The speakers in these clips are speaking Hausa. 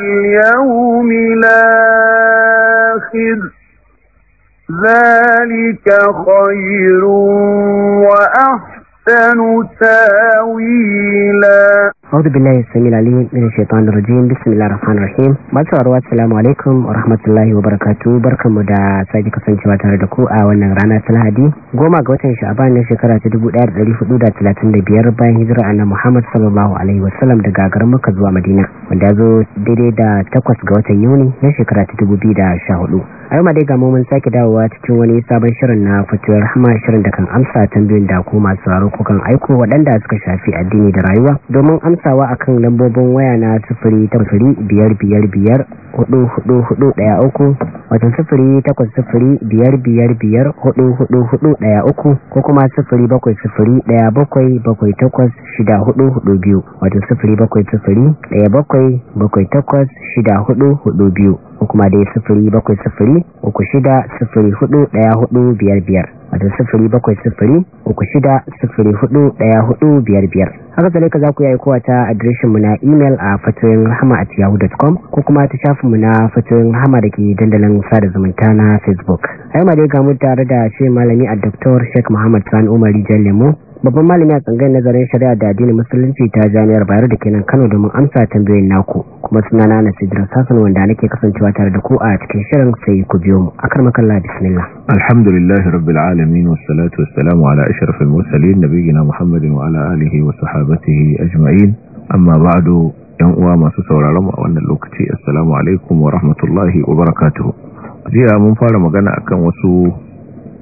اليوم الآخر ذلك خير وأحسن تاويلاً Audu billahi sami lalai min shaitan rajim bismillahir rahmanir rahim. Masu warwa السلام عليكم ورحمة الله وبركاته barakatuh. Barkanmu da sake kasancewa tare da ku a wannan rana ta Lahadi, goma ga watan Sha'ban na shekara ta 1435 bayan hijira annabi Muhammad sallallahu alaihi wasallam daga garin Makka zuwa Madina, wanda ya zo daidai da takwas ga watan Yuni na shekara ta 2014. A yau ma dai ga mu mun sake dawowa cikin wani sabon shirin na fitowar rahama shirin da kan amsa tambayoyin da ku masu sauraro kan aiko waɗanda suka shafi addini da rayuwa domin amsa fasawa a kan lambobin waya na sufuri ta sufuri biyar biyar biyar hudu hudu hudu daya uku wata sufuri takwas sufuri biyar biyar biyar hudu hudu hudu daya uku ko kuma sufuri bakwai sufuri daya bakwai bakwai takwas shida hudu hudu biyu wata sufuri bakwai sufuri daya bakwai bakwai takwas shida hudu hudu biyu ko kuma dai sufuri bakwai sufuri uku shida sufuri hudu daya hudu biyar biyar wata sufuri bakwai sufuri uku shida sufuri hudu daya hudu biyar biyar haka ka za ku yi aikowa ta adireshinmu na imel a fatoyin rahama at yahoo.com ko kuma ta shafinmu na fatoyin rahama da ke dandalin sada zumunta na facebook a yau ma dai gamu tare da shi malami a dr sheik muhammad sani umar rijiyar lemo babban malami a tsangayin nazarin shari'a da addinin musulunci ta jami'ar bayar da kenan kano domin amsa tambayoyin naku kuma sunana na sidira sassan wanda nake kasancewa tare da ku a cikin shirin sai ku biyo mu akar makalla bismillah alhamdulillah rabbil alamin wassalatu wassalamu ala ashrafil mursalin nabiyina muhammadin wa ala alihi wa sahabatihi ajma'in amma ba'du yan uwa masu sauraron mu a wannan lokaci assalamu alaikum wa rahmatullahi wa barakatuh jiya mun fara magana akan wasu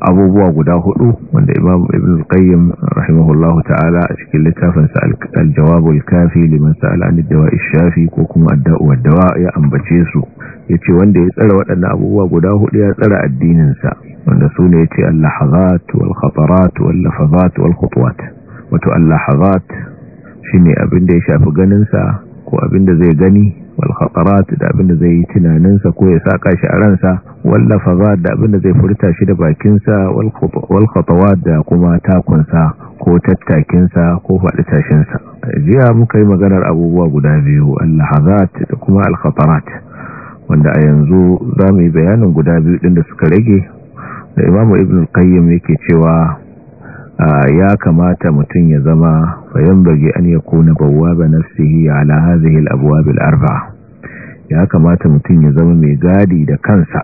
abubuwa guda hudu wanda imam ibn qayyim rahimahullahu ta'ala a cikin littafinsa sa al kafi liman sa'ala an dawa'i shafi ko kuma ad-da'u wad-dawa ya ambace su yace wanda ya tsara waɗannan abubuwa guda hudu ya tsara addinin sa wanda sune ne yace al-lahazat wal khatarat wal lafazat wal khutuwat wato al-lahazat shine abin da ya shafi ganin sa ko abin da zai gani wal da abin da zai yi tunaninsa ko ya saƙa shi a ransa wal lafazat da abin da zai furta shi da bakinsa wal da kuma takunsa ko tattakinsa ko faɗi tashinsa jiya muka yi maganar abubuwa guda biyu al lahazat da kuma al khatarat wanda a yanzu za mu yi bayanin guda biyu ɗin da suka rage da imamu ibn qayyim yake cewa ya kamata mutum ya zama bayan bage an ya kuna bawaba nafsihi ala hadhihi al-abwab abuwa bil'arba ya kamata mutum ya zama mai gadi da kansa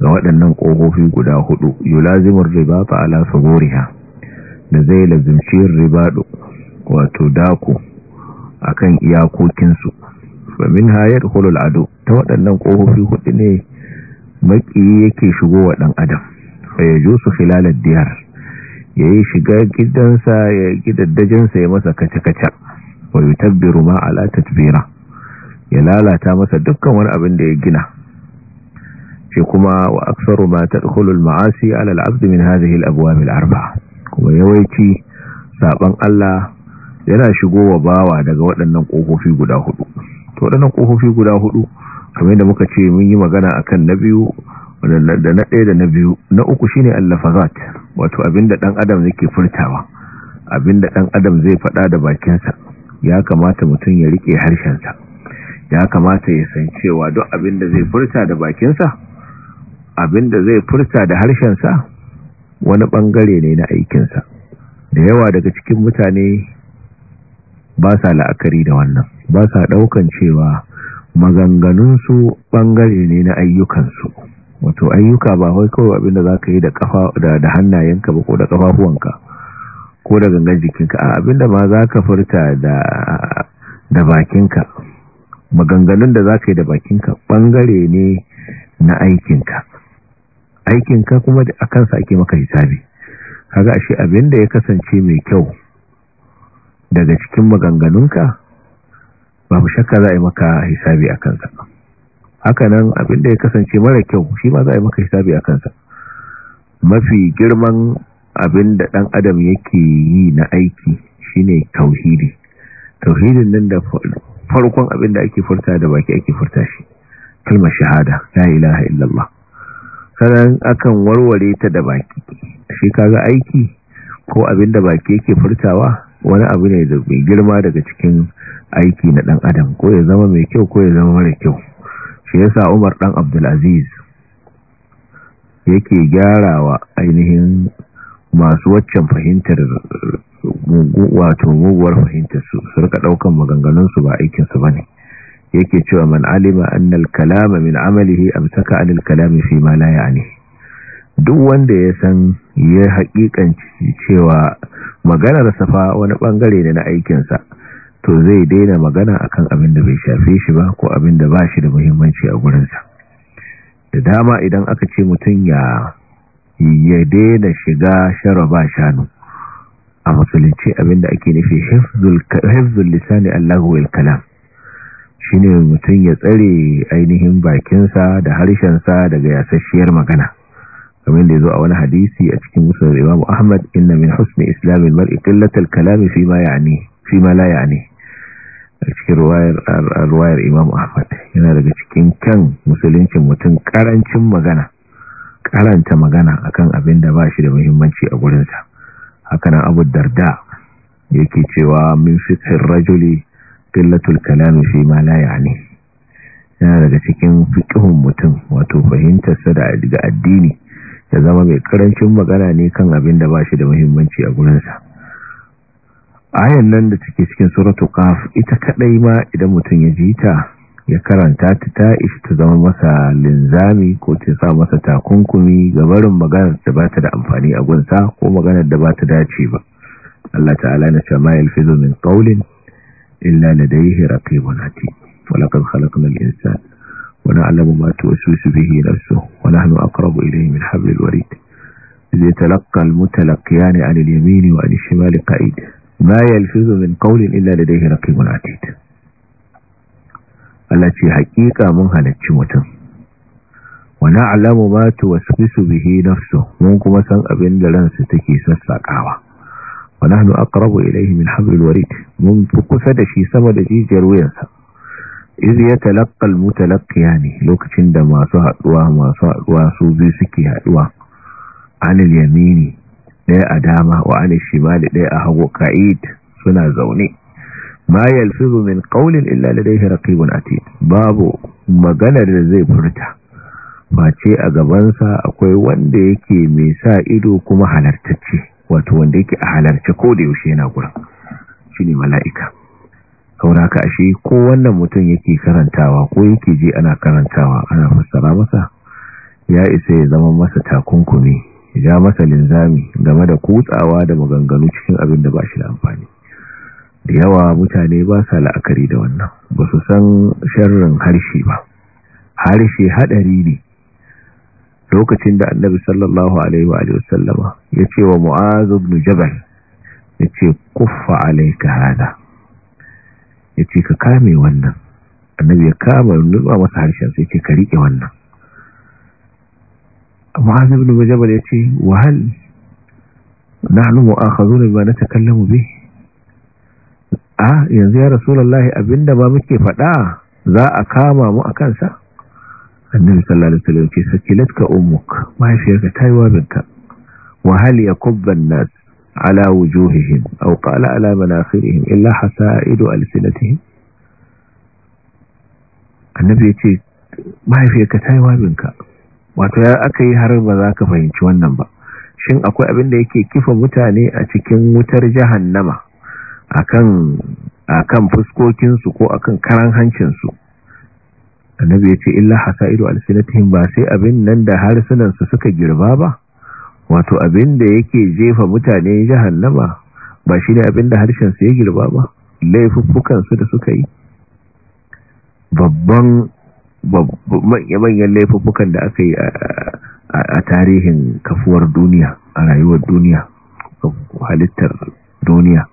ga waɗannan ƙofofi guda hudu riba ribata ala ha da zai lazimci ribado wato a kan iyakokinsu fa hayar yadkhulu ado ta waɗannan ƙofofi hudu ne maƙi yake shigo wa ɗan adam fa yajusu su diyar ya yi shiga gidansa ya gidaddajensa ya masa kaca-kaca wa yi tabbiru ma ala tatbira ya lalata masa dukkan wani abin da ya gina ce kuma wa aksaru ma dukulul ma'asi ala al'abd min hadhihi al-abwab al kuma yawanci saban Allah yana shigo wa bawa daga waɗannan kofofi guda hudu to waɗannan kofofi guda hudu kamar da muka ce mun yi magana akan na biyu da na ɗaya da na biyu na uku shine allafazat wato abinda ɗan adam zai ke furtawa abinda ɗan adam zai faɗa da bakinsa ya kamata mutum ya rike harshensa ya kamata ya san cewa duk abinda zai furta da bakinsa abinda zai furta da harshensa wani bangare ne na aikinsa da yawa daga cikin mutane ba sa la'akari da wannan ba sa ɗaukan cewa maganganunsu bangare ne na ayyukansu wato ayyuka ba wai kawai abinda za ka yi da da hannayenka ba ko da ƙafafuwanka ko da gangan jikinka a abinda ma za ka furta da bakinka maganganun da za ka yi da bakinka ɓangare ne na aikinka aikinka kuma a kansa ake maka hisabi kaga ashe abin da ya kasance mai kyau daga cikin maganganunka babu shakka za a yi maka hisabi a kansa Hakanan, nan abin da ya kasance mara kyau shi ma za a yi maka hisabi a kansa mafi girman abin da ɗan adam yake yi na aiki shine tauhidi tauhidin nan da farkon abin da ake furta da baki ake furta shi kalmar shahada la ilaha illallah sanan akan warware ta da baki shi kaga aiki ko abin da baki yake furtawa wani abu ne da mai girma daga cikin aiki na dan adam ko ya zama mai kyau ko ya zama mara kyau shi yasa Umar dan Abdulaziz yake gyarawa ainihin masu waccan fahimtar wato muguwar fahimtar su su rika daukan maganganun su ba aikin su bane yake cewa man alima anna al-kalama min amalihi amsaka anil kalami fi ma la ya'ni duk wanda ya san ya hakikanci cewa maganar safa wani bangare ne na aikinsa to zai daina magana akan abin da bai shafe shi ba ko abin da ba shi da muhimmanci a gurinsa da dama idan aka ce mutum ya ya daina shiga sharaba shanu a musulunci da ake nufi ne lisani Allahu wal kalam shine mutum ya tsare ainihin bakinsa da harshensa daga yasasshiyar magana kamar da ya zo a wani hadisi a cikin musulun imamu Ahmad inna min husni islamin mar'i kallatar kalami fi ma a cikin ruwayar imam ahmad yana daga cikin kan musuluncin mutum karancin magana karanta magana akan abin da ba shi da muhimmanci a gurinsa hakanan abu darda yake cewa min fiqhir rajuli qillatul kalam fi ma la ya'ni yana daga cikin fiqhun mutum wato fahimtarsa da daga addini ya zama mai karancin magana ne kan abin da ba shi da muhimmanci a gurinsa ayan nan da take cikin suratul qaf ita kadai ma idan mutun ya ji ta ya karanta ta ta ta zama masa linzami ko ta sa masa takunkumi ga barin magana da ba ta da amfani a gunsa ko magana da ba ta dace ba Allah ta'ala na ce ma yalfizu min qawlin illa ladayhi raqibun ati wa laqad khalaqna al-insana wa na'lamu ma tuwaswisu bihi nafsuhu wa nahnu aqrabu ilayhi min hablil warid إذ يتلقى المتلقيان عن اليمين وعن الشمال قعيد ma yalfizu min qawlin illa ladayhi raqibun atid Allah ce haƙiƙa mun halarci mutum wa na'lamu ma tuwaswisu bihi nafsu mun kuma san abin da ransu take sassaƙawa wa nahnu aqrabu ilayhi min hablil warid mun fi kusa da shi sama da jijiyar wuyansa iz yatalaqqa ne, lokacin da masu haɗuwa masu haɗuwa su biyu suke haɗuwa anil yamini ɗaya a dama wa an shimali ɗaya a hagu ka'id suna zaune ma yalfizu min qawlin illa ladayhi raqibun atid babu maganar da zai furta face a gabansa akwai wanda yake mai sa ido kuma halartacce wato wanda yake a halarci ko da yaushe yana gurin shine mala'ika sauraka ashe ko wannan mutum yake karantawa ko yake ji ana karantawa ana fassara masa ya isa ya zama masa takunkumi ya masa linzami game da kutsawa da maganganu cikin abin da ba shi da amfani da yawa mutane ba sa la'akari da wannan ba su san sharrin harshe ba harshe hadari ne lokacin da annabi sallallahu alaihi wa sallama ya ce wa mu'az ibn jabal ya ce kuffa alaika hada ya ce ka kame wannan annabi ya kama nutsa masa harshen sai ce ka rike wannan معاذ بن جبل يتي وهل نحن مؤاخذون بما نتكلم به يعني يا رسول الله أبن ما مكي فدا ذا أكاما مؤكنسا النبي صلى الله عليه وسلم يتي أمك ما هي يفيك تايوابك وهل يكب الناس على وجوههم أو قال على مناخرهم إلا حسائد ألسنتهم النبي يتي ما هي يفيك تايوابك wato ya aka yi har ba za ka fahimci wannan ba shin akwai abin da yake kifa mutane a cikin wutar jahannama akan akan fuskokinsu ko akan karan hancinsu annabi ya ce illa hasairu alsinatihim ba sai abin nan da harsunansu suka girba ba wato abin da yake jefa mutane jahannama ba shi ne abin da harshen su ya girba ba laifuffukansu da suka yi babban manyan laifukan da aka yi a tarihin kafuwar duniya a rayuwar duniya a halittar duniya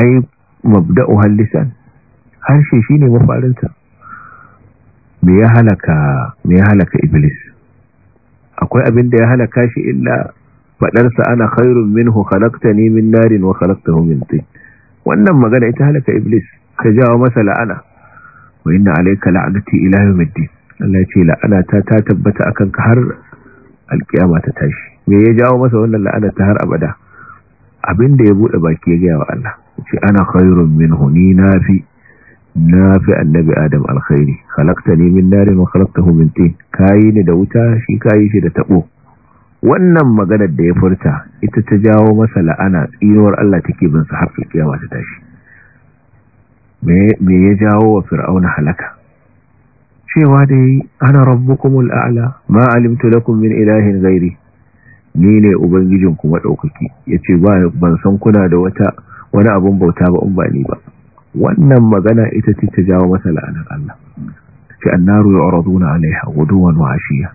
ai mabda'u halisan harshe shi ne mafarinta mai ya halaka iblis akwai abin da ya halaka shi illa faɗarsa ana khairun minhu ne min narin wa khalaqtahu min wannan magana ita halaka iblis ka jawo masa la'ana wa inna alayka la'nati ila yawmiddin Allah ce la'ana ta ta tabbata akan ka har alkiyama ta tashi me ya jawo masa wannan la'ana ta har abada abinda ya bude baki ya gaya wa Allah ce ana khairun minhu ni nafi nafi annabi adam alkhairi khalaqtani min narin wa khalaqtahu min tin kayi ni da wuta shi kayi shi da tabo wannan maganar da ya furta ita ta jawo masa la'ana tsinuwar Allah take bin sa har alkiyama ta tashi me ya jawo wa fir'auna halaka cewa dai ana rabbukumul a'la ma alimtu lakum min ilahin ghairi ni ne ubangijin kuma daukaki yace ba ban san kuna da wata wani abun bauta ba in ba ni ba wannan magana ita ce ta jawo masa la'anar Allah ce annaru yu'raduna 'alayha ghuduwan wa 'ashiya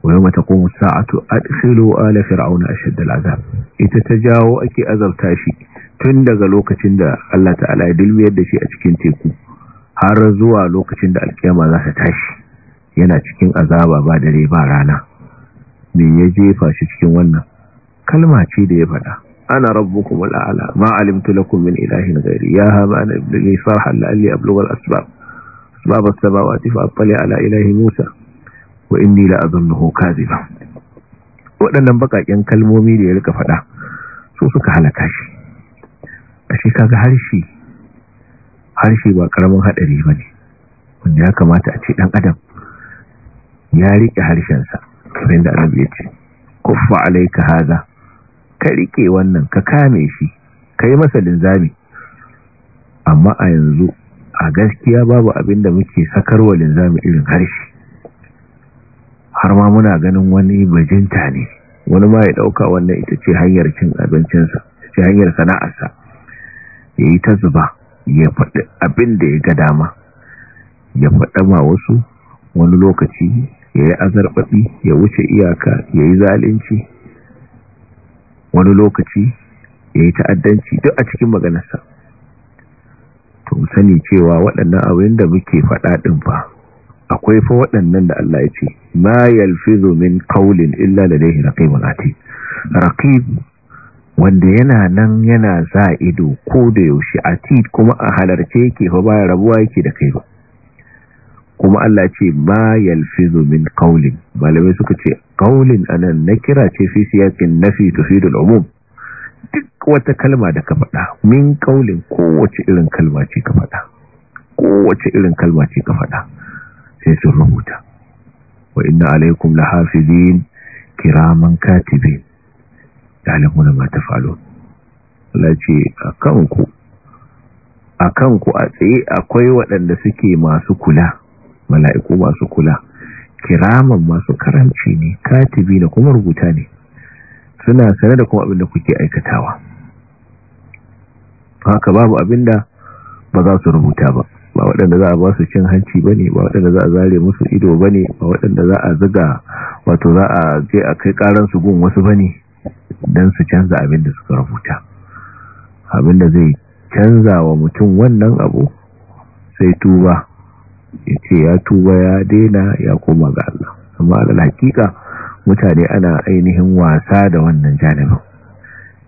wa yawma taqumu as-sa'atu adkhilu ala fir'auna ashadda al-'adab ita ta jawo ake azabta shi tun daga lokacin da Allah ta'ala ya dilmiyar da shi a cikin teku har zuwa lokacin da alkiyama za ta tashi yana cikin azaba ba dare ba rana me ya jefa shi cikin wannan kalma ce da ya faɗa ana rabbukum al'ala ma alimtu lakum ilahin ghairi ya haba ana ibn li sarhan ablugha al-asbab asbab as-samawati fa attali ala ilahi musa wa inni la azunnuhu kadhiba waɗannan baƙaƙen kalmomi da ya rika faɗa su suka halaka shi Ashe shi kaga harshe harshe ba karamin haɗari ba ne wanda ya kamata a ce ɗan adam ya riƙe sa. kamar da annabi ya ce kuffa alaika haza ka riƙe wannan ka kame shi kai yi masa linzami amma a yanzu a gaskiya babu abin da muke sakarwa linzami irin harshe har ma muna ganin wani bajinta ne wani ma ya ɗauka wannan ita ce hanyar cin abincinsa ce hanyar sana'arsa ya yi ta zuba ya faɗi abin da ya ga dama ya faɗa ma wasu wani lokaci ya yi azarɓaɓi ya wuce iyaka ya yi zalunci wani lokaci ya yi ta'addanci duk a cikin maganarsa to sani cewa waɗannan abin da muke faɗa ɗin fa akwai fa waɗannan da Allah ya ce ma yalfizu min qawlin illa ladayhi raqibun atid raqib wanda yana nan yana sa ido ko da yaushe a tit kuma a halarce yake fa ba rabuwa yake da kai ba kuma Allah ce ma yalfizu min qawlin malamai suka ce qawlin anan na kira ce fi siyaqin nafi tufidu al-umum duk wata kalma da ka faɗa min ko kowace irin kalma ce ka faɗa wace irin kalma ce ka faɗa sai sun rubuta wa inna alaikum lahafizin kiraman katibin ta'lamuna ma falo Allah ce akan ku akan ku a tsaye akwai waɗanda suke masu kula mala'iku masu kula kiraman masu karanci ne katibi da kuma rubuta ne suna sane da kuma abinda kuke aikatawa haka babu abinda ba za su rubuta ba ba waɗanda za a ba su cin hanci ba ne ba waɗanda za a zare musu ido ba ne ba waɗanda za a ziga wato za a je a kai ƙaransu gun wasu ba ne don su canza abin da suka rubuta abin da zai canza wa mutum wannan abu sai tuba ya ce ya tuba ya daina ya koma ga Allah amma alal hakika mutane ana ainihin wasa da wannan janibin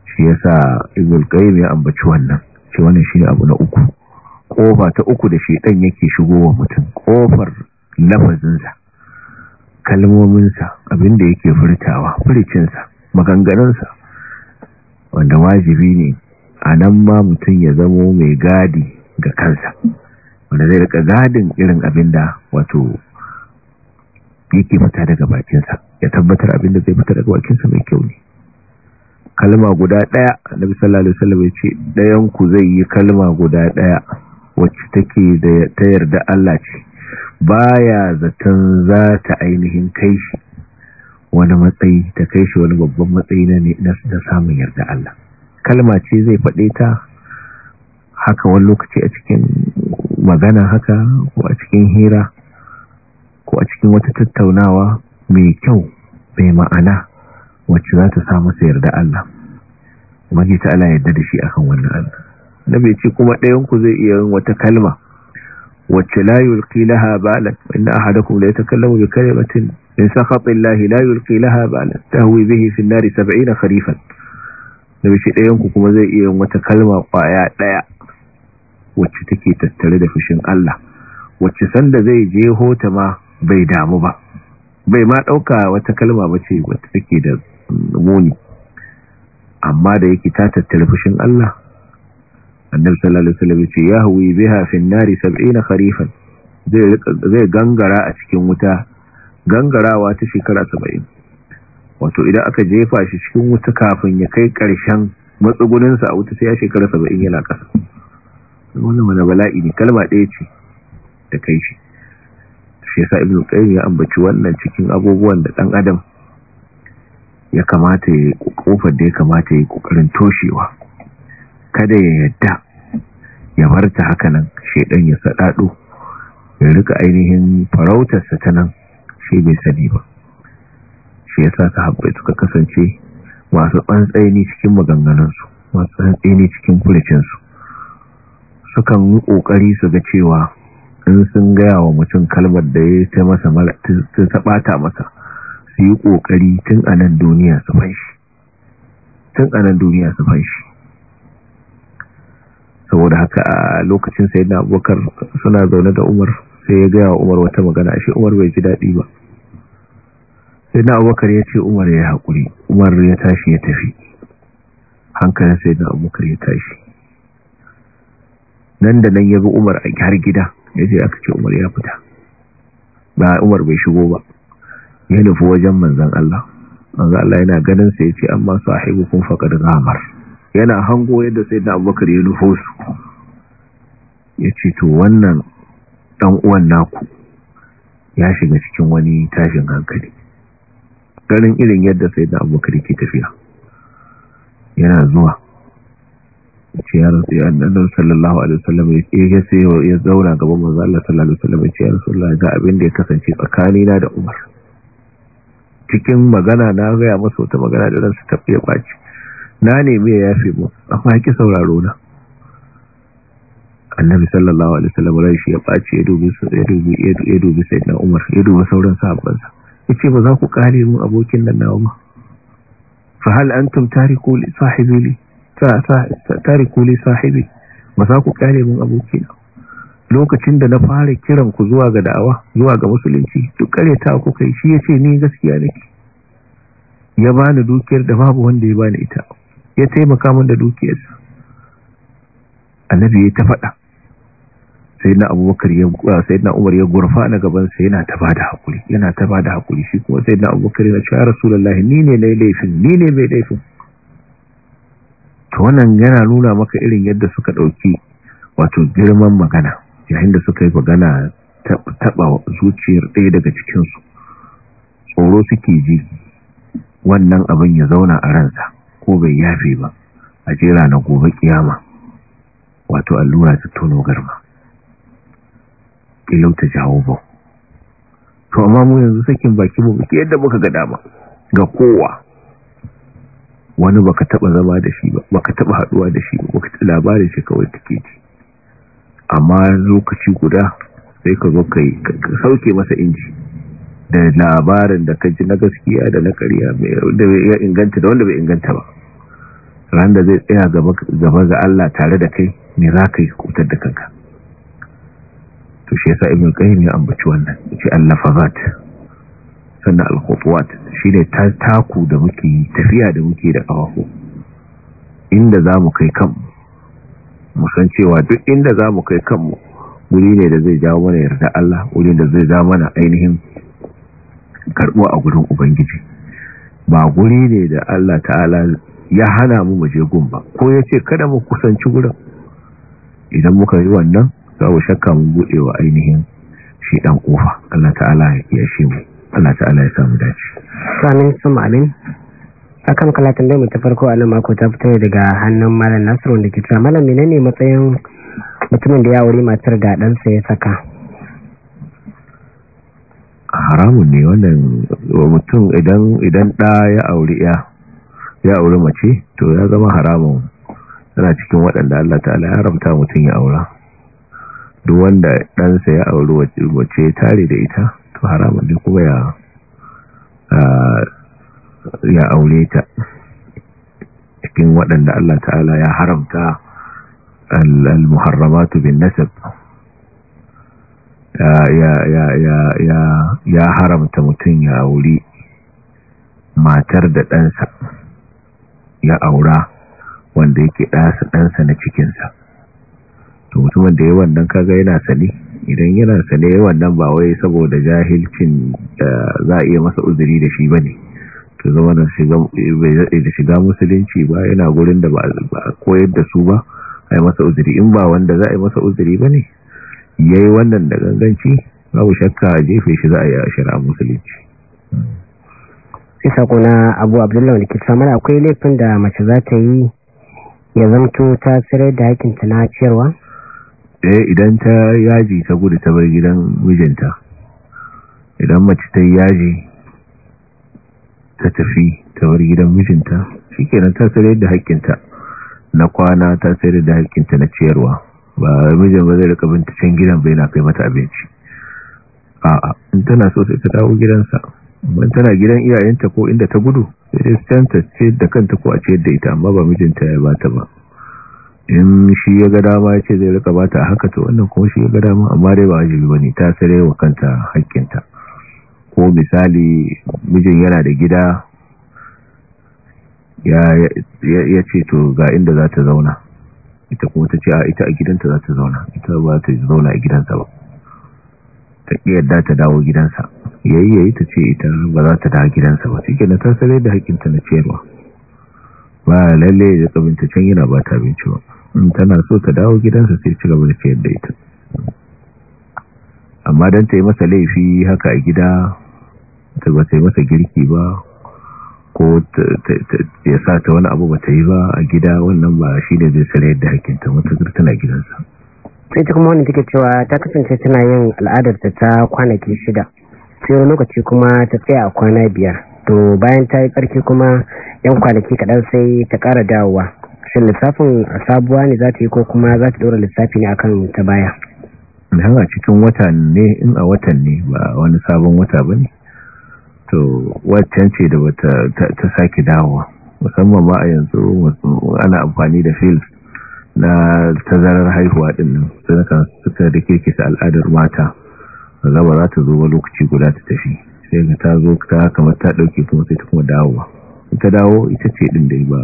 shi yasa ibul qayyim ya ambaci wannan shi wannan shine abu na uku kofa ta uku da shi ɗan yake shigo wa mutum kofar lafazinsa kalmominsa abinda yake furtawa furicinsa maganganunsa wanda wajibi ne a nan ma mutum ya zamo mai gadi ga kansa wanda zai rika gadin irin abin da wato yake fita daga bakinsa ya tabbatar abin da zai fita daga bakinsa mai kyau ne kalma guda daya annabi sallallahu alaihi ce, yace dayan ku zai yi kalma guda daya wacce take da ta yarda Allah ce baya zaton za ta ainihin kai shi wani matsayi ta kai shi wani babban matsayi na ne da samun yarda Allah kalma ce zai faɗe ta haka wani lokaci a cikin magana haka ko a cikin hira ko a cikin wata tattaunawa mai kyau mai ma'ana wacce za ta sa masa yarda Allah magita ta Allah yarda da shi akan wannan Allah na bai ce kuma ɗayanku zai iya yin wata kalma wacce la yulqi laha balan inna ahadakum la yatakallamu bi kalimatin min sakhati llahi la yulqi laha balan tahwi bihi fi an-nari 70 Na nabi shi dayan ku kuma zai iya wata kalma ƙwaya ɗaya. wacce take tattare da fushin Allah wacce sanda zai je hota ma bai damu ba bai ma ɗauka wata kalma bace wacce take da mm, muni amma da yake ta tattare fushin Allah annabi sallallahu alaihi wasallam ya yahwi biha fi an-nari 70 kharifan zai zai gangara a cikin wuta gangarawa ta shekara 70 wato idan aka jefa shi cikin wuta kafin ya kai karshen matsugunin sa a wuta sai ya shekara 70 yana kasa wannan wani bala'i ne kalma ɗaya ce da kai shi shi yasa ibnu qayyim ya ambaci wannan cikin abubuwan da dan adam ya kamata ya kofar da ya kamata ya kokarin toshewa kada ya yadda ya barta haka nan shaidan ya sadado ya rika ainihin farautarsa ta nan shi bai sani ba shi ya sa sahabbai suka kasance masu tsantsaini cikin maganganunsu masu tsantsaini cikin su sukan yi ƙoƙari su ga cewa in sun gaya wa mutum kalmar da ya ta masa ta taɓata masa su yi ƙoƙari tun a duniya su fanshi duniya su fanshi saboda haka a lokacin sai na abubakar suna zaune da umar sai ya gaya wa umar wata magana shi umar bai ji daɗi ba sai na abubakar ya ce umar ya haƙuri umar ya tashi ya tafi hankalin sai na abubakar ya tashi nan da nan ya bi umar a har gida ya ce aka ce umar ya fita ba umar bai shigo ba ya nufi wajen manzan Allah manzan Allah yana ganin sai ya ce amma sahibu kun faƙar ramar yana hango yadda sai da abubakar ya nufo su ya ce to wannan dan uwan naku ya shiga cikin wani tashin hankali garin irin yadda sai da abubakar ke tafiya yana zuwa ce ya rasu ya annabi sallallahu alaihi wasallam ya ce ya zauna gaban manzo Allah sallallahu alaihi wasallam ce ya rasulullahi ga abin da ya kasance tsakanina da Umar cikin magana na gaya masa wata magana da ransa tafiya baci na nemi ya yafe mu amma haƙi sauraro na annabi sallallahu alaihi wasallam rai shi ya baci ya dubi ya dubi ya dubi Umar ya dubi sauran sahabban sa yace ba za ku kare mu abokin nan nawa ba fa hal antum tariku li sahibi li ta tariku li sahibi ba za ku kare mu abokin lokacin da na fara kiran ku zuwa ga da'awa zuwa ga musulunci duk kare ta ku kai shi yace ni gaskiya nake ya bani dukiyar da babu wanda ya bani ita ya taimaka min da dukiyarsa annabi ya ta faɗa na abubakar ya uh, sai na umar ya gurfa na gaban sai yana ta bada hakuri yana ta bada hakuri shi kuma sai na abubakar ya ce ya rasulullahi ni ne nayi laifin ni ne mai laifin to wannan yana nuna maka irin yadda suka dauki wato girman magana yayin da suka yi magana taba zuciyar ɗaya daga cikin su tsoro suke ji wannan abin ya zauna a ransa ko bai yafe ba a jera na gobe kiyama wato allura ta tono garma ilau ta jawo ba to amma mu yanzu sakin baki mu ke yadda muka ga dama ga kowa wani baka taba zama da shi ba baka taba haduwa da shi ba baka taba labarin shi kawai take ji amma lokaci guda sai ka zo kai sauke masa inji da labarin da kaji na gaskiya da na ƙariya da ya inganta da wanda bai inganta ba ran da zai tsaya gaba ga Allah tare da kai me za ka yi kutar da kanka to shi yasa ibn qayyim ya ambaci wannan yace al zat, sannan alkhufuwat shi ne taku da muke tafiya da muke da kafafu inda za mu kai kanmu mu san cewa duk inda za mu kai kanmu wuri ne da zai jawo mana yarda Allah wuri da zai jawo mana ainihin karbuwa a gurin ubangiji ba guri ne da Allah ta'ala ya hana mu muje gun ba ko ya ce kada mu kusanci gurin idan muka yi wannan za mu shakka mu buɗe wa ainihin shi ɗan ƙofa Allah ta'ala ya shi mu Allah ta'ala ya samu dace sanin sun amin akan kalatan da mu ta farko a nan mako ta fito daga hannun malam nasiru da ke cewa malam menene matsayin mutumin da ya wuri matar da ɗansa ya saka haramun ne wannan mutum idan ɗa ya auri ya ya auri mace to ya zama haramun yana cikin waɗanda Allah ta'ala ya haramta mutum ya aura duk wanda ɗansa ya auri mace tare da ita to haramun ne kuma ya ya aure ta cikin waɗanda Allah ta'ala ya haramta al-muharramatu bin nasab ya haramta mutum ya aure matar da ɗansa ya aura wanda yake ɗasa ɗansa na cikinsa to mutumin da ya wannan kaga yana sani, idan yana sani ya wannan ba wai saboda jahilcin eh, za a iya masa uzuri da shi ba ne to zama da shiga musulunci ba yana gurin da ba a koyar da su ba a yi masa uzuri in ba wanda za a yi masa uzuri ba ne Ya yi wannan da ganganci babu shakka a jefe shi za a yi a shari'a musulunci sai sako na abu abdullawa da ke samar akwai laifin da mace za ta yi ya zamto ta tsirar da hakinta na ciyarwa eh idan ta yaji ta gudu ta bar gidan mijinta idan mace ta yaji ta tafi ta bar gidan mijinta shi shikenan ta tsirar da hakinta na kwana ta tsirar da hakinta na ciyarwa ba mijin ba zai rika binta gidan bai na kai mata abinci a'a in tana so sai ta dawo gidansa ban tana gidan iyayenta ko inda ta gudu sai ta ce da kanta ko a ce da ita amma ba mijinta ya bata ba in shi ya ga dama ya ce zai rika bata a haka to wannan kuma shi ya ga dama amma dai ba wajibi ne, ta sare wa kanta hakkinta ko misali mijin yana da gida ya ce to ga inda za ta zauna ita kuma ta ce a ita a gidanta za ta zauna ita ba ta zauna a gidansa ba ta yadda ta dawo gidansa yayi yayi ta ce ita ba za ta dawo gidansa ba shi na ta sare da hakinta na ciyarwa ba lalle ya tsabinta can yana ba ta abinci ba in tana so ta dawo gidansa sai ci gaba da ciyar da ita amma don ta yi masa laifi haka a gida ta ba ta yi masa girki ba ko ya sa ta wani abu bata yi ba a gida wannan ba shi ne zai tsare da hakinta mutukar tana gidansa sai ta kuma wani take cewa ta kasance tana yin al'adarta ta kwanaki shida sai wani lokaci kuma ta tsaya a kwana biyar to bayan ta yi tsarki kuma yan kwanaki kaɗan sai ta ƙara dawowa shin lissafin sabuwa ne za ta yi ko kuma za ta ɗora lissafi ne akan ta baya na cikin watan ne in a watan ne ba wani sabon wata ba ne to waccan ce da bata ta saki dawo musamman ma a yanzu ana amfani da fil na tazarar haihuwa din nan suka da kirkita al'adar mata zama za ta zo wa lokaci guda ta tafi sai ga ta zo ta kamar ta dauke kuma sai ta kuma dawo ta dawo ita ce din da ba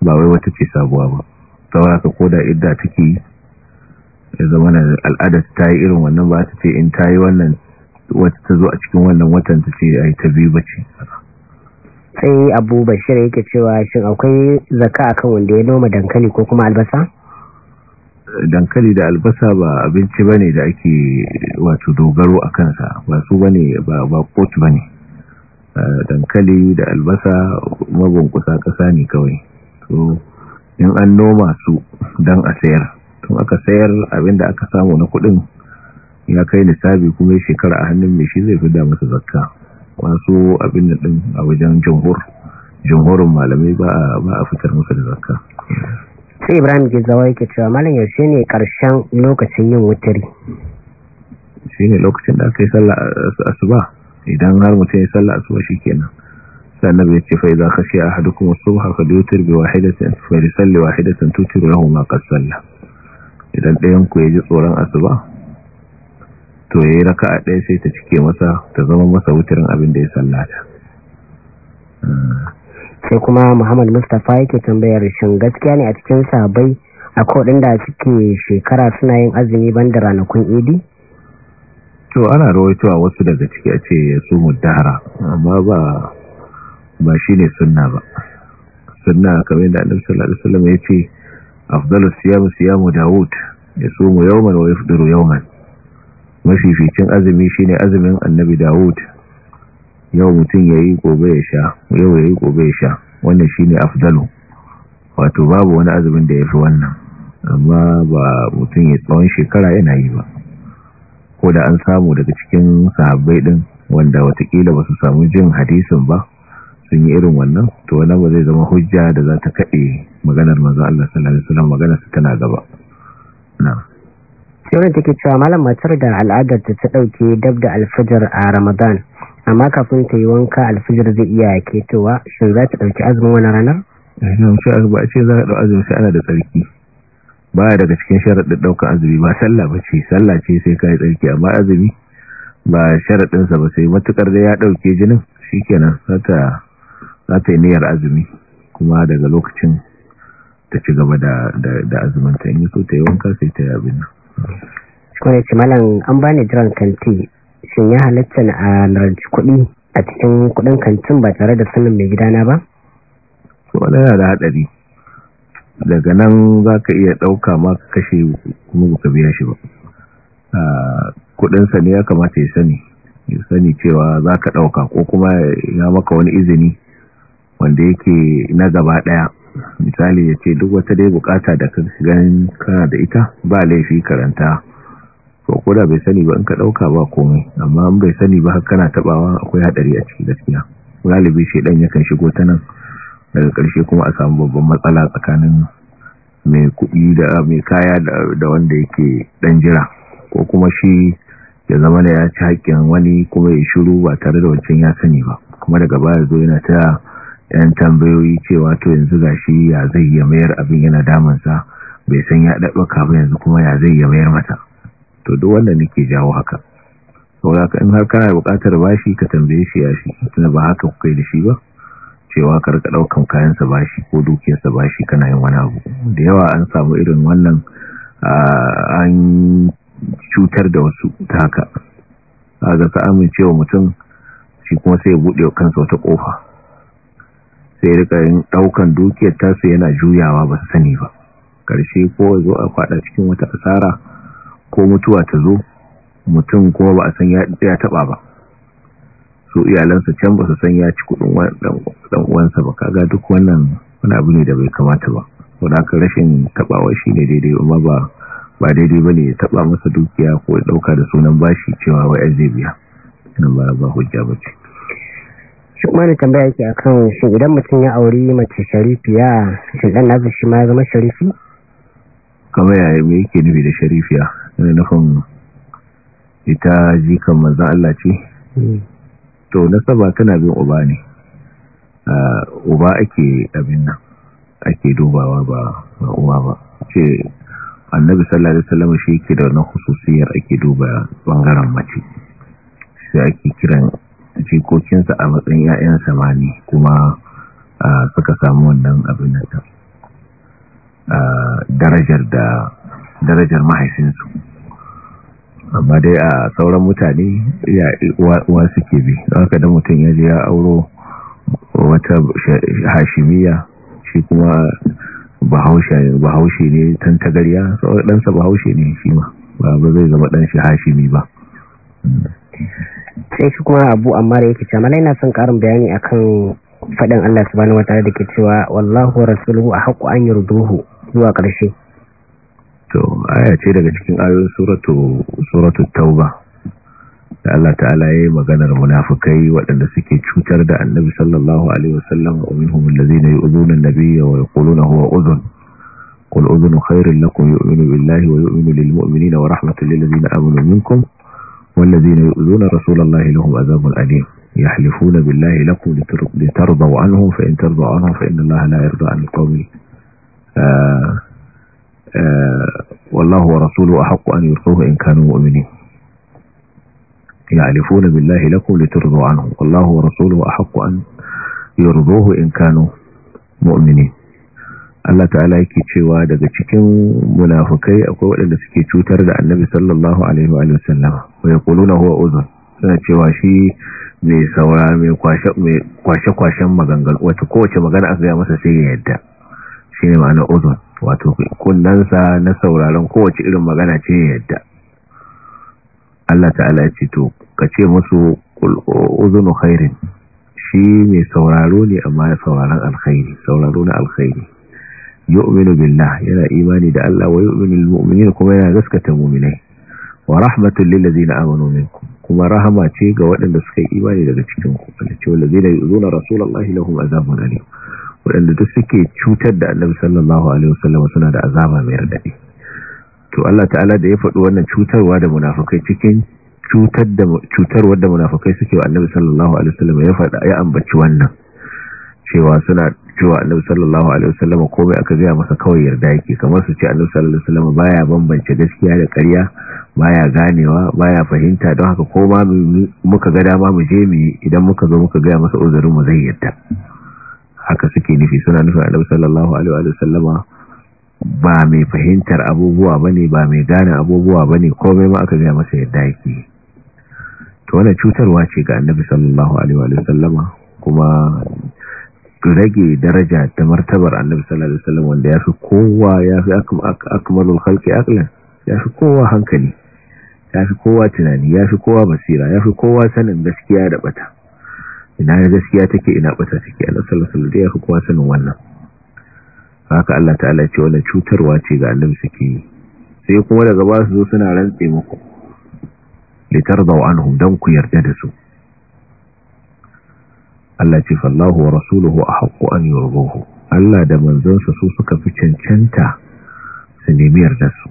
ba wai wata ce sabuwa ba saboda ka koda idda take ya zama na al'adar ta yi irin wannan ba ta ce in ta yi wannan wata ta zo a cikin wannan watan ta ce ai ta biyu bace sai abu bashir yake cewa shin akwai zaka akan wanda ya noma dankali ko kuma albasa dankali da albasa ba abinci bane da ake wato dogaro a kansa ba su bane ba ba kotu bane eh, dankali da albasa mabunkusa kasa ne kawai to in an noma su dan a sayar tun aka sayar abinda aka samu na kudin ya kai nisabi kuma shekara a hannun mai shi zai fi da masa zakka wasu abin da din a wajen jamhur jamhurin malamai ba a fitar masa da zakka sai ibrahim gizawa yake cewa malam yaushe ne karshen lokacin yin wutari shi ne lokacin da aka yi sallah asuba idan har mutum ya sallah asuba shi kenan sannan ya ce fa idza khashiya ahadukum as-subha wutar bi wahidatin fa yusalli wahidatan tutur lahu ma qad salla idan ɗayan ku ya ji tsoron asuba to raka a ɗaya sai ta cike masa ta zama masa wutarin abin da ya sallata sai kuma Muhammad Mustapha yake tambayar shin gaskiya ne a cikin sabai a kodin da suke shekara suna yin azumi banda ranakun idi to ana rawaitowa wasu daga ciki a ce ya su muddara amma ba ba ne sunna ba sunna kamar da Annabi sallallahu alaihi wasallam yace afdalu siyam siyamu daud yasumu yawman wa yafdiru yawman mafificin azumi shine azumin annabi Dawud yau mutum ya yi gobe ya sha yau ya yi gobe ya sha wannan shine afdalu wato babu wani azumin da ya fi wannan amma ba mutum ya tsawon shekara yana yi ba ko da an samu daga cikin sahabbai din wanda watakila ba su samu jin hadisin ba sun yi irin wannan to wannan ba zai zama hujja da za ta kaɗe maganar maza Allah sallallahu alaihi wasallam maganar su tana gaba na'am Lauren take cewa malam matar da al'adar ta ta dauke dab da alfajar a Ramadan amma kafin ta yi wanka alfajar zai iya ketowa shin za ta dauki azumin wani ranar? Ina eh, ce ba ce za ka dau azumi sai ana da tsarki. Ba daga cikin sharaɗin ɗaukar azumi ba sallah ba ce sallah ce sai ka yi tsarki amma azumi ba sharaɗinsa ba sai matukar da ya ɗauke jinin shi kenan za ta yi niyyar azumi kuma daga lokacin ta ci gaba da azumin ta in yi so ta yi wanka sai ta yi abin nan. kawai ce malam an bani jiran kanti shin ya halatta na larci kuɗi a cikin kuɗin kantin ba tare da sanin mai gidana ba? wani yana da haɗari daga nan za ka iya ɗauka ma kashe kuma ka biya shi ba kudinsa ne ya kamata ya sani ya sani cewa za ka ɗauka ko kuma ya maka wani izini wanda yake na gaba ɗaya misali ya ce duk wata dai bukata da kan ganin kana da ita ba laifi karanta ko koda bai sani ba in ka dauka ba komai amma in bai sani ba har kana tabawa akwai hadari a ciki gaskiya galibi dan yakan shigo ta nan daga karshe kuma a samu babban matsala tsakanin mai kuɗi da mai kaya da wanda yake dan jira ko kuma shi ya zama ya ci hakkin wani kuma ya shiru ba tare da wancan ya sani ba kuma daga baya zo yana ta yan tambayoyi cewa to yanzu gashi ya zai ya mayar abin yana damansa bai san ya daɗauka ba yanzu kuma ya zai ya mayar mata to duk wanda nake jawo haka da in har kana buƙatar bashi ka tambaye shi ya shi ba haka ku kai da shi ba cewa ka rika ɗaukan kayansa bashi ko dukiyarsa bashi kana yin wani abu da yawa an samu irin wannan an cutar da wasu ta haka a ga ka amincewa mutum shi kuma sai ya buɗe kansa wata ƙofa sai rika yin daukan dukiyar tasu yana juyawa ba sani ba karshe ko zo a fada cikin wata asara ko mutuwa ta zo mutum kuma ba a san ya taba ba su iyalansa can ba su san ya ci kudin dan uwansa ba kaga duk wannan wani abu ne da bai kamata ba wanda haka rashin tabawa shine daidai amma ba ba daidai bane ya taba masa dukiya ko ya dauka da sunan bashi cewa wai azai nan ba ba hujja bace shi tambaya yake akan shi idan mutum ya auri mace sharifiya shi dan nasu shi ma ya zama sharifi kamar yaya me yake nufi da sharifiya yana nufin ita kan mazan Allah ce hmm. to nasaba tana bin uba ne uba ake abin nan ake dubawa ba uba ba ce annabi sallallahu alaihi wasallam shi yake da wannan hususiyar ake duba bangaren mace sai ake kiran jikokinsa a matsayin 'ya'yan samani kuma suka samu wannan abin da darajar mahaifinsu amma dai a sauran mutane ya uwa suke bi haka da mutum ya je ya auro wata hashimiya shi kuma bahaushe ne tantagarya ɗansa bahaushe ne shi ma ba zai zama ɗanshi hashimi ba sai shi kuma abu amma da yake cewa na son karin bayani akan faɗin Allah subhanahu wataala da ke cewa wallahu wa rasuluhu ahqqu an yurduhu zuwa ƙarshe to aya ce daga cikin ayoyin suratu tauba da Allah ta'ala yi maganar munafikai waɗanda suke cutar da annabi sallallahu alaihi wasallam wa minhum allazina yu'dhuna an-nabiyya wa yaquluna huwa udhun qul udhunu khairin lakum yu'minu billahi wa yu'minu lil mu'minina wa rahmatan lil zina amanu minkum والذين يؤذون رسول الله لهم عذاب أليم يحلفون بالله لكم لترضوا عنهم فإن ترضوا عنهم فإن الله لا يرضى عن القوم آآ آآ آه، آه، والله ورسوله أحق أن يرضوه إن كانوا مؤمنين يحلفون بالله لكم لترضوا عنه والله ورسوله أحق أن يرضوه إن كانوا مؤمنين Allah ta'ala yake cewa daga cikin munafukai akwai waɗanda suke cutar da annabi sallallahu alaihi wa sallam wa yaquluna huwa uzun suna cewa shi mai saura mai kwashe kwashen maganganu wata kowace magana aka ga masa sai ya yadda ne ma'ana uzun wato kunnansa na sauraron kowace irin magana ce ya yadda Allah ta'ala ya ce to ka ce musu uzunu khairin shi mai sauraro ne amma sauraron alkhairi sauraro na alkhairi yu'minu billah yana imani da Allah wa yu'minul mu'minin kuma yana gaskata mu'minai wa rahmatul lil ladzina amanu minkum kuma rahama ce ga waɗanda suka yi imani daga cikin ku ce wallazina yu'zuna rasulullahi lahum azabun alim waɗanda duk suke cutar da annabi sallallahu alaihi wasallam suna da azaba mai radadi to Allah ta'ala da ya faɗi wannan cutarwa da munafikai cikin cutar da cutar wanda munafikai suke wa annabi sallallahu alaihi wasallam ya faɗa ya ambaci wannan cewa suna cewa annabi sallallahu alaihi wasallam komai aka gaya masa kawai yarda yake kamar su ce annabi sallallahu alaihi wasallam baya bambance gaskiya da ƙarya baya ganewa baya fahimta don haka ko mu muka ga dama mu je mu idan muka zo muka gaya masa uzurin mu zai yarda haka suke nufi suna nufi annabi sallallahu alaihi wasallam ba mai fahimtar abubuwa bane ba mai gane abubuwa bane komai ma aka gaya masa yarda yake to wannan cutarwa ce ga annabi sallallahu alaihi wasallam kuma rage daraja ta martabar annabi sallallahu alaihi wasallam wanda ya fi kowa ya fi akmalul khalqi aqlan ya fi kowa hankali ya fi kowa tunani ya fi kowa basira ya fi kowa sanin gaskiya da bata ina gaskiya take ina bata take annabi sallallahu alaihi wasallam ya fi kowa sanin wannan haka Allah ta'ala ce wannan cutarwa ce ga annabi suke yi sai kuma daga ba su zo suna rantse muku litardaw anhum dan ku yarda da su Allah ce fallahu wa rasuluhu a haƙo an yi rubuhu Allah da manzansa su suka fi cancanta su nemi yardarsu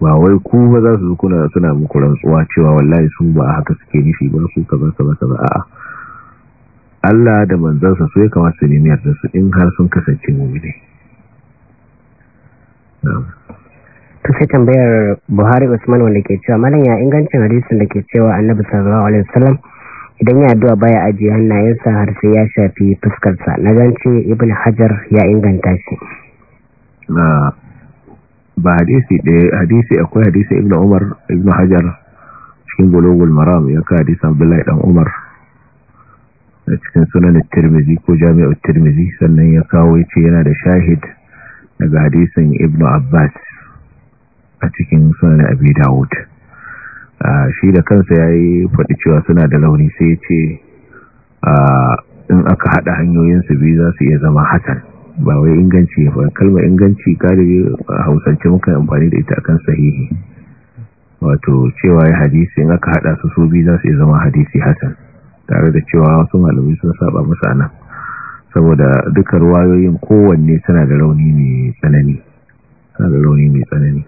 ba wai ku ba za su kuna suna muku rantsuwa cewa wallahi sun ba a haka suke nufi ba su kaza kaza kaza a'a Allah da manzansa su ya kamata su nemi yardarsu in har sun kasance mu'mini to sai tambayar Buhari Usman wanda ke cewa malam ya ingancin hadisin da ke cewa Annabi sallallahu alaihi wasallam idan ya addu'a baya ajiye hannayensa har sai ya shafi fuskarsa na ce ibn hajar ya inganta shi na ba hadisi ɗaya hadisi akwai hadisi ibn umar ibn hajar cikin bulogul maram ya ka hadisi abdullahi dan umar a cikin sunan tirmizi ko jami'ar tirmizi sannan ya kawo ya yana da shahid daga hadisin ibn abbas a cikin sunan abi dawud a ah, shi da kansa ya yi faɗi cewa suna da launi sai ya ce ah, in aka haɗa hanyoyinsu biyu za su iya zama hatar ba wai inganci ya ba kalmar inganci galibi a hausance muka amfani da ita akan sahihi wato cewa ya hadisi in aka haɗa su su biyu za su iya zama hadisi hatar tare da cewa wasu malamai sun saba masa nan saboda duka ruwayoyin kowanne suna da rauni suna da rauni mai tsanani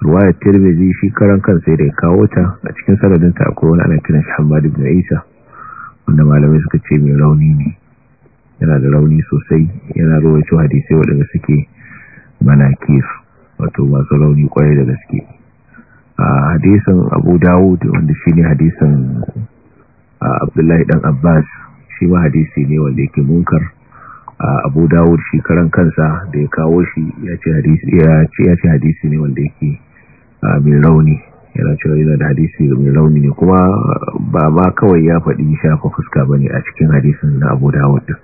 ruwayar tirmidhi shi karan kansa da ya kawo ta a cikin sanadin ta akwai wani ana kiran shi Hammad ibn Isa wanda malamai suka ce mai rauni ne yana da rauni sosai yana rawaito hadisai waɗanda suke manakir wato masu rauni kwarai da gaske a hadisin Abu Dawud wanda shine hadisin Abdullahi dan Abbas shi ma hadisi ne wanda yake munkar abu dawud shi karan kansa da ya kawo shi ya ce hadisi ne wanda yake mai rauni yana cewa yana da hadisi mai rauni ne kuma ba ma kawai ya faɗi shafa fuska ba ne a cikin hadisin na abu dawud din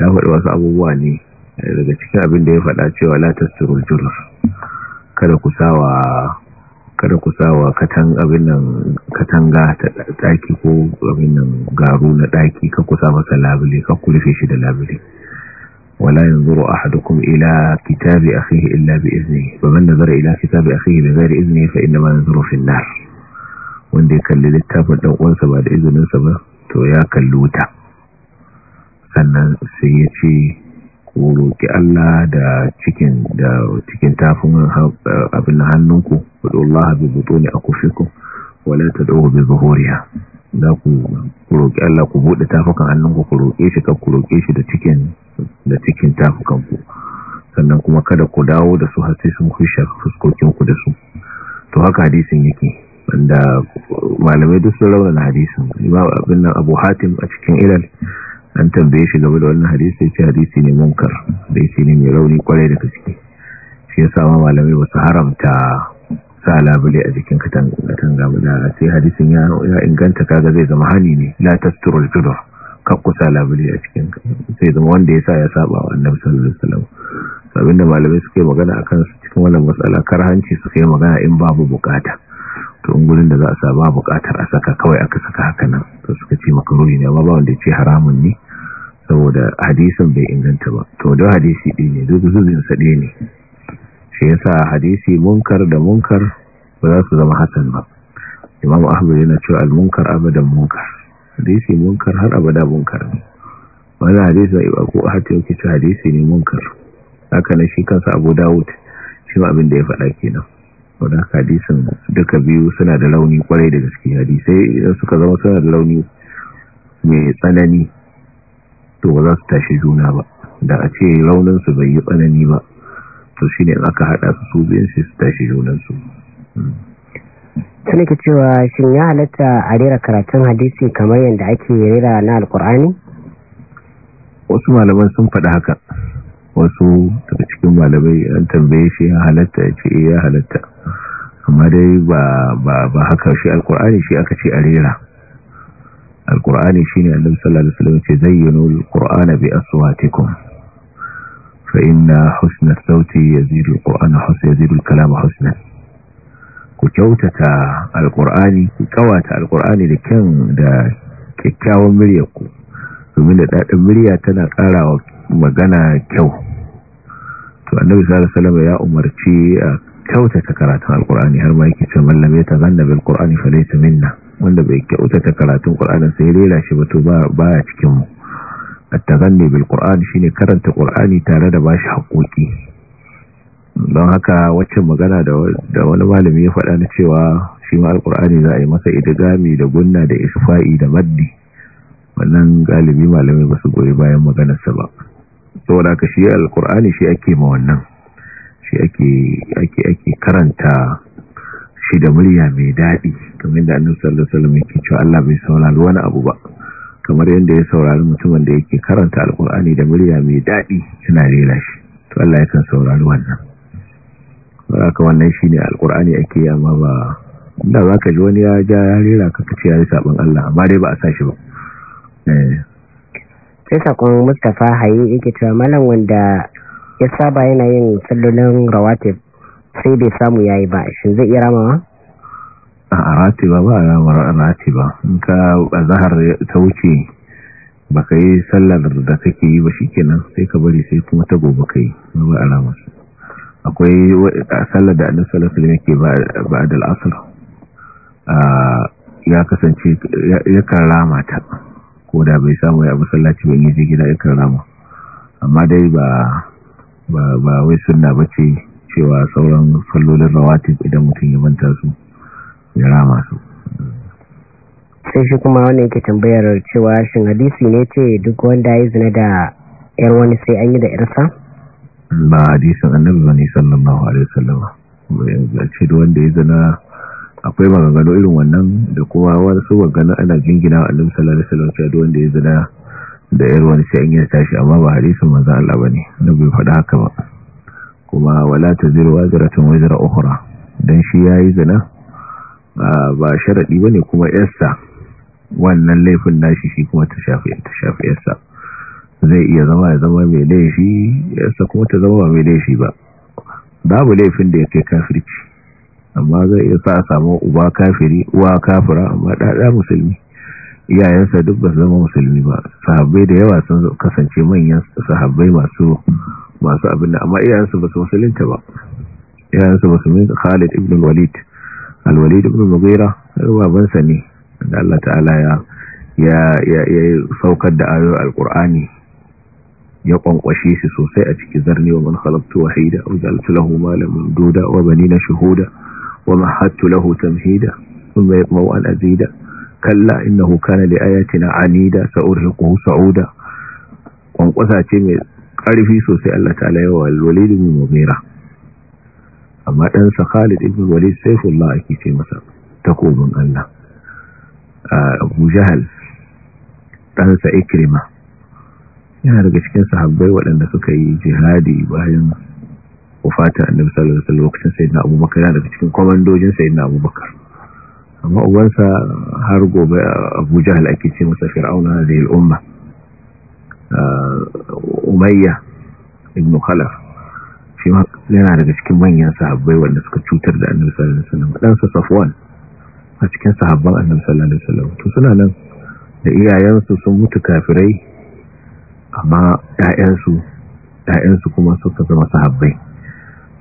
ya faɗi wasu abubuwa ne eh, daga cikin abin da ya faɗa cewa latas surul julur kada ku sawa kada katan abin nan katanga ta daki ko abin nan garu na daki ka ku sa masa labule ka ku rufe shi da labule wala yanzuru ahadukum ila kitabi akhihi illa bi izni fa man nazara ila kitabi akhihi bi ghairi izni fa inma yanzuru fi an-nar wanda ya kalli littafin dan uwansa ba da izinin sa ba to ya kalli wuta sannan sai ya ce ku roki Allah da cikin da cikin abin hannunku wallahi bi a akufikum wala tad'u bi zuhuriha za ku roƙi Allah ku buɗe tafukan hannunku ku roƙe shi ka ku shi da cikin da cikin tafukanku sannan kuma kada ku dawo da su har sai sun kushe fuskokinku da su to haka hadisin yake wanda malamai duk sun da hadisin imam abin nan abu hatim a cikin ilal an tambaye shi game da wannan hadisi ce hadisi ne munkar yake ne mai rauni kwarai da gaske shi ya sa malamai ba su haramta sa labule a jikin katanga ba da sai hadisin ya inganta kaga zai zama hani ne la tasturul judur kusa labari a cikin sai zama wanda ya sa ya saba wa annabi sallallahu alaihi wasallam sabin da malamai suke magana akan su cikin wannan matsala karhanci suke magana in babu bukata to in gurin da za a sa ba bukatar a saka kawai aka saka haka nan to suka ce makruhi ne amma ba wanda ya ce haramun ne saboda hadisin bai inganta ba to da hadisi ɗaya ne duk zuzin sa ɗaya ne shi yasa hadisi munkar da munkar ba za su zama hasan ba imam ahmad yana cewa al-munkar abadan munkar hadisi munkar har abada munkar Wannan hadisi ba ko hata yake cewa hadisi ne munkar haka na shi kansa abu dawud shi ma abin da ya faɗa kenan wannan hadisin duka biyu suna da launi kwarai da gaske hadisai idan suka zama suna da launi mai tsanani to ba za su tashi juna ba da a ce su bai yi tsanani ba to shine in aka haɗa su su tashi junan su tashi junansu hmm. ta nake cewa shin ya halatta a rera karatun hadisi kamar yadda ake rera na alkur'ani wasu malaman sun faɗi haka wasu daga cikin malamai an tambaye shi ya halatta ya ce eh, ya halatta amma dai ba haka shi alkur'ani shi aka ce a rera alkur'ani shi ne annabi sallallahu alaihi wasallam ce zayyano alkur'ana bi aswatikum fa inna husna sauti yazidu alkur'ana husna yazidu alkalama husna ku kyautata alkur'ani ku kawata alkur'ani da kyan da kyakkyawan ku, domin da daɗin murya tana karawa magana kyau to annabi sallallahu alaihi ya umarci a kyautata karatun alkur'ani har ma yake cewa mallam ya tazanna bil qur'ani laysa minna wanda bai kyautata karatun qur'anin sai rera shi ba to ba ba cikin mu at-tazanni bil qur'ani shine karanta qur'ani tare da bashi haƙoƙi don haka waccan magana da wani malami ya faɗa na cewa shi ma alkur'ani za a yi masa idigami da gunna da isfa'i da maddi wannan galibi malami ba su goyi bayan maganarsa ba saboda ka shi alkur'ani shi ake ma wannan shi ake karanta shi da murya mai daɗi kamar da annabi sallallahu alaihi wasallam yake cewa Allah bai saurari wani abu ba kamar yadda ya saurari mutumin da yake karanta alkur'ani da murya mai daɗi yana rera shi to Allah yakan saurari wannan haka wannan shi ne alkur'ani ake yi amma ba da za ka ji wani ya ja ya rera ka ce ya yi sabon Allah amma dai ba a sashi ba eh. sai sakon Mustapha Haye yake cewa malam wanda ya saba yana yin sallolin rawatib sai bai samu yayi ba shi zai iya rama ba? a rati ba ba a ba in ka zahar ta wuce baka yi sallar da kake yi ba kenan sai ka bari sai kuma ta gobe kai ba alamar akwai sallar da annabi sallallahu alaihi wasallam ke ba al ya kasance ya karama ta ko da bai samu ya musallaci ban yaje gida ya karama amma dai ba ba wai sunna bace cewa sauran sallolin rawatib idan mutum ya manta su ya rama su sai shi kuma wani yake tambayar cewa shin hadisi ne ce duk wanda ya zina da yar wani sai an yi da yarsa ba hadisin annabi bane sallallahu alaihi wasallam ba ce da wanda ya zana akwai maganganu irin wannan da kuma wasu maganganu ana jingina wa annabi sallallahu alaihi wasallam cewa wanda ya zana da yar wani sai an yi tashi amma ba hadisin maza Allah ne na bai faɗa haka ba kuma wala ta taziru wazratun wajira ukura Don shi ya yi zina ba sharaɗi bane kuma yarsa wannan laifin nashi shi kuma ta shafi ta shafi yarsa zai iya zama ya zama mai laifi ya kuma ta zama mai laifi ba babu laifin da ya ke kafirci amma zai iya sa a samu uba kafiri uwa kafira amma ɗaɗa musulmi iyayensa duk ba zama musulmi ba sahabbai da yawa sun kasance manyan sahabbai masu masu abin da amma iyayensa ba su musulunta ba iyayensa ba su min khalid ibn walid alwalid walid ibn mughira babansa ne da Allah ta'ala ya ya saukar da ayoyin alkur'ani ya kwankwashe shi sosai a ciki zarni wa man khalaqtu wahida wa ja'altu lahu malan mamduda wa banina shuhuda wa mahattu lahu tamhida thumma yatma'u an azida kalla innahu kana li ayatina anida sa'urhiquhu sa'uda kwankwasa ce mai karfi sosai Allah ta'ala ya wa walid bin mughira amma dan sa Khalid ibn Walid saifullah ake ce masa takobin Allah ah, Abu Jahal dan sa yana daga cikin sahabbai waɗanda suka yi jihadi bayan wafata annabi sallallahu alaihi wasallam lokacin sayyidina abubakar yana daga cikin komandojin sayyidina abubakar amma ubansa har gobe abu Abuja, ake ce masa fir'auna da al'umma ah, umayya ibn khalaf shi ma yana daga cikin manyan sahabbai waɗanda suka cutar da annabi sallallahu alaihi wasallam dan sa safwan a cikin sahabban annabi sallallahu alaihi wasallam to suna nan da iyayensu sun mutu kafirai amma ‘ya'yansu kuma suka zama sahabbai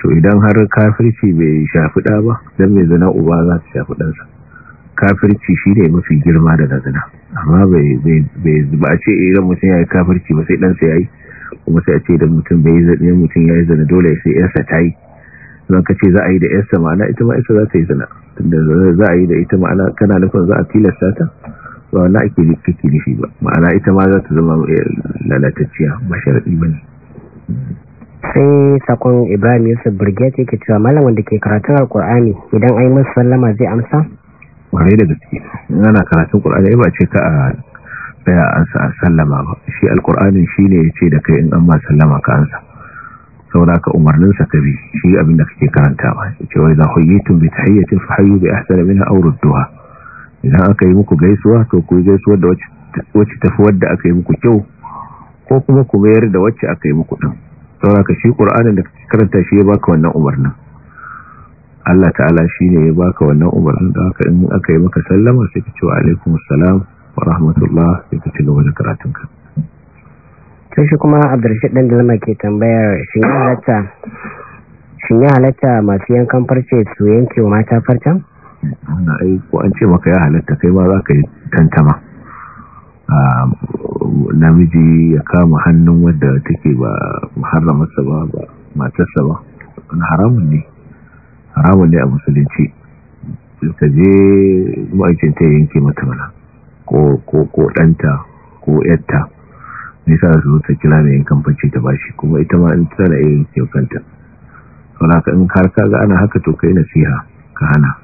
to idan har kafirci bai shafi ɗa ba don mai zina uba za ta shafi ɗansa kafirci shi ne mafi girma da zina amma bai ba a ce idan mutum ya yi kafirci ba sai ɗansa ya yi kuma sai a ce idan mutum bai yi zaɗe mutum ya yi zana dole sai ‘yarsa ta yi zan ka ce za a yi da ‘yarsa ma'ana ita ma ita za ta yi zana tunda za a yi da ita ma'ana kana nufin za a tilasta ta wanda ake kake nufi ba ma'ana ita ma za ta zama eh, lalatacciya ba ba ne sai sakon ibrahim yusuf birgit yake cewa malam wanda ke karatun alkur'ani idan an yi masu sallama zai amsa ƙwarai da gaske ana karatun ƙur'ani ba ce ka a tsaya an sa sallama ba shi alkur'anin shi ne ya ce da kai in an ma sallama ka ansa saboda ka umarnin ka bi shi abin da kake karanta ba ce wai za hoyi tun bi hayyacin fa bai a ahsana na auren idan aka yi muku gaisuwa to ku yi gaisuwar da wacce tafi wadda aka yi muku kyau ko kuma ku mayar da wacce aka yi muku ɗan. ɗin ka shi ƙura'anin da karanta shi ya baka wannan umarnin Allah ta'ala shi ne ya baka wannan umarnin da aka yi aka yi maka sallama sai ka ce wa alaikum assalam wa rahmatullah sai ka ci gaba karatunka kuma dan dalma ke tambayar shin ya halatta masu yankan farce su yanke wa mata farcen wannan ai ko an ce maka ya halatta kai ma za ka yi tantama namiji ya kama hannun wadda take ba muharramarsa ba ba matarsa ba wani haramun ne haramun ne a musulunci ka je ma'aikin ta yanke mata mana ko ɗanta ko yatta nisa su ta kira mai yankan bacci ta bashi kuma ita ma in tana sau kanta ka in karka ga ana haka to kai nasiha ka hana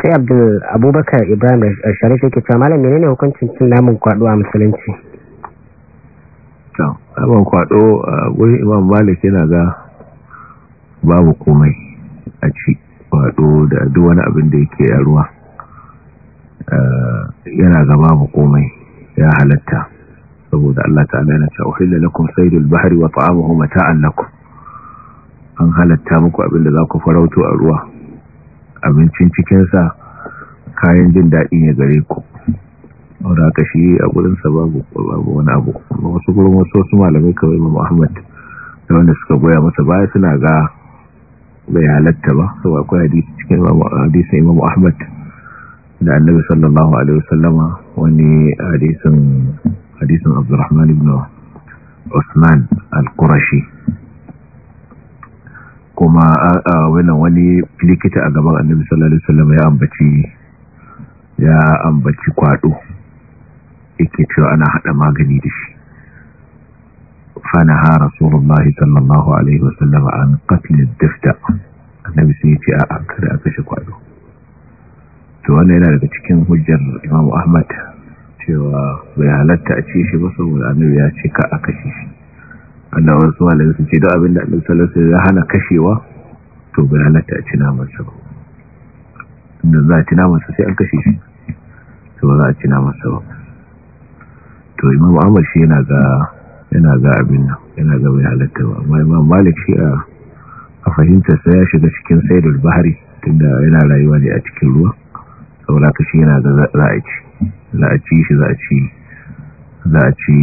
sai abdul abubakar ibrahim da sharif yake cewa malam menene hukuncin cin namun kwado a musulunci namun kwado a gurin imam malik yana ga babu komai a ci kwado da duk wani abin da yake a ruwa yana ga babu komai ya halatta saboda Allah ta'ala yana cewa uhilla lakum saydul bahri wa ta'amuhu mata'an lakum an halatta muku abin da za ku farauto a ruwa abincin cikinsa kayan jin daɗi ne gare ku wadda aka shi a gurinsa babu wani abu wasu gurin wasu wasu malamai kawai ma muhammad da wanda suka goya masa baya suna ga bai halatta ba sau akwai hadisi cikin hadisin imam ahmad da annabi sallallahu alaihi wasallama wani hadisun hadisin abdurrahman ibn usman al-qurashi kuma wannan wani likita a gaban annabi sallallahu alaihi wasallam ya ambaci ya ambaci kwado yake cewa ana hada magani da shi fanaha rasulullah sallallahu alaihi wasallam an qatl ad-dafta annabi sai ya ce a an kada aka shi kwado to wannan yana daga cikin hujjar Imam Ahmad cewa bai halatta a ce shi ba saboda annabi ya ce ka aka shi wanda wasu malamai sun ce da abin da annabi sallallahu alaihi ya hana kashewa to bai halatta a ci naman ba inda za a ci naman sai an kashe shi to ba za a ci naman ba to imam Ahmad shi yana ga yana ga abin nan yana ga bai halatta ba amma imam Malik shi a a fahimtar sa ya shiga cikin saidar bahari tunda yana rayuwa ne a cikin ruwa saboda ka shi yana ga za a ci za a ci shi za a ci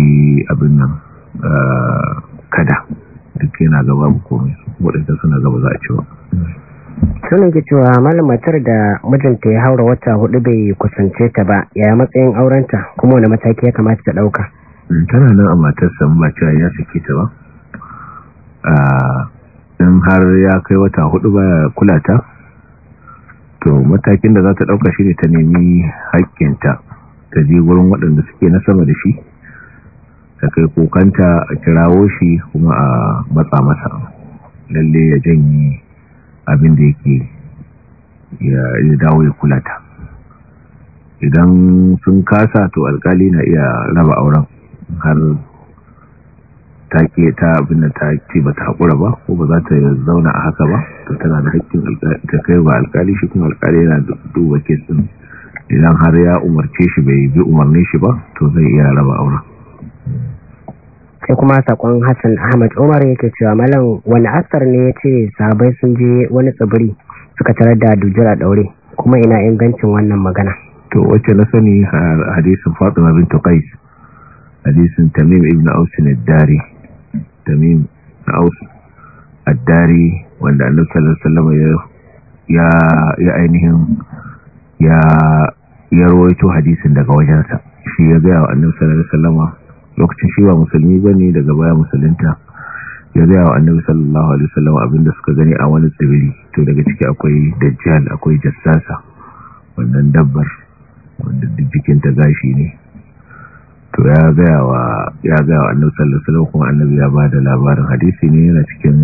abin nan ah, kada duk yana gaba bu komai waɗanda suna gaba za a cewa sunan ke cewa matar da mijinta ya haura wata hudu bai kusance ta ba yaya matsayin aurenta kuma wani mataki ya kamata ta ɗauka mm, tana nan a matarsa ba cewa ya sake ta ba in har ya kai wata hudu ba kula ta to matakin da za ta ɗauka shi ne ta nemi haƙƙinta ta je wurin waɗanda suke na sama da shi ta kai kokanta a kirawo shi kuma a matsa masa lalle ya janye abin da yake ya dawo ya kulata idan sun kasa to alkali na iya raba auren har ta ke ta abin da ta ce ba ta haƙura ba ko ba za ta zauna a haka ba to tana da haƙƙin ta kai ba alkali shi kuma alkali yana duba kesin idan har ya umarce shi bai bi umarni shi ba to zai iya raba auren sai kuma sakon hassan ahmad umar yake cewa malam wani asar ne ya ce sabai sun je wani tsibiri suka tarar da dujjal a daure kuma ina ingancin wannan magana to wacce na sani hadisin fatima bin tuqais hadisin tamim ibn aus na dari tamim aus wanda annabi sallallahu alaihi ya ainihin ya ya rawaito hadisin daga wajensa shi ya ga annabi sallallahu alaihi lokacin shi ba musulmi ba ne daga baya musulunta ya zai wa annabi sallallahu alaihi wasallam abinda suka gani a wani tsibiri to daga ciki akwai dajjal akwai jassasa wannan dabbar wanda jikin ta gashi ne to ya gaya wa ya annabi sallallahu alaihi wasallam kuma annabi ya ba da labarin hadisi ne yana cikin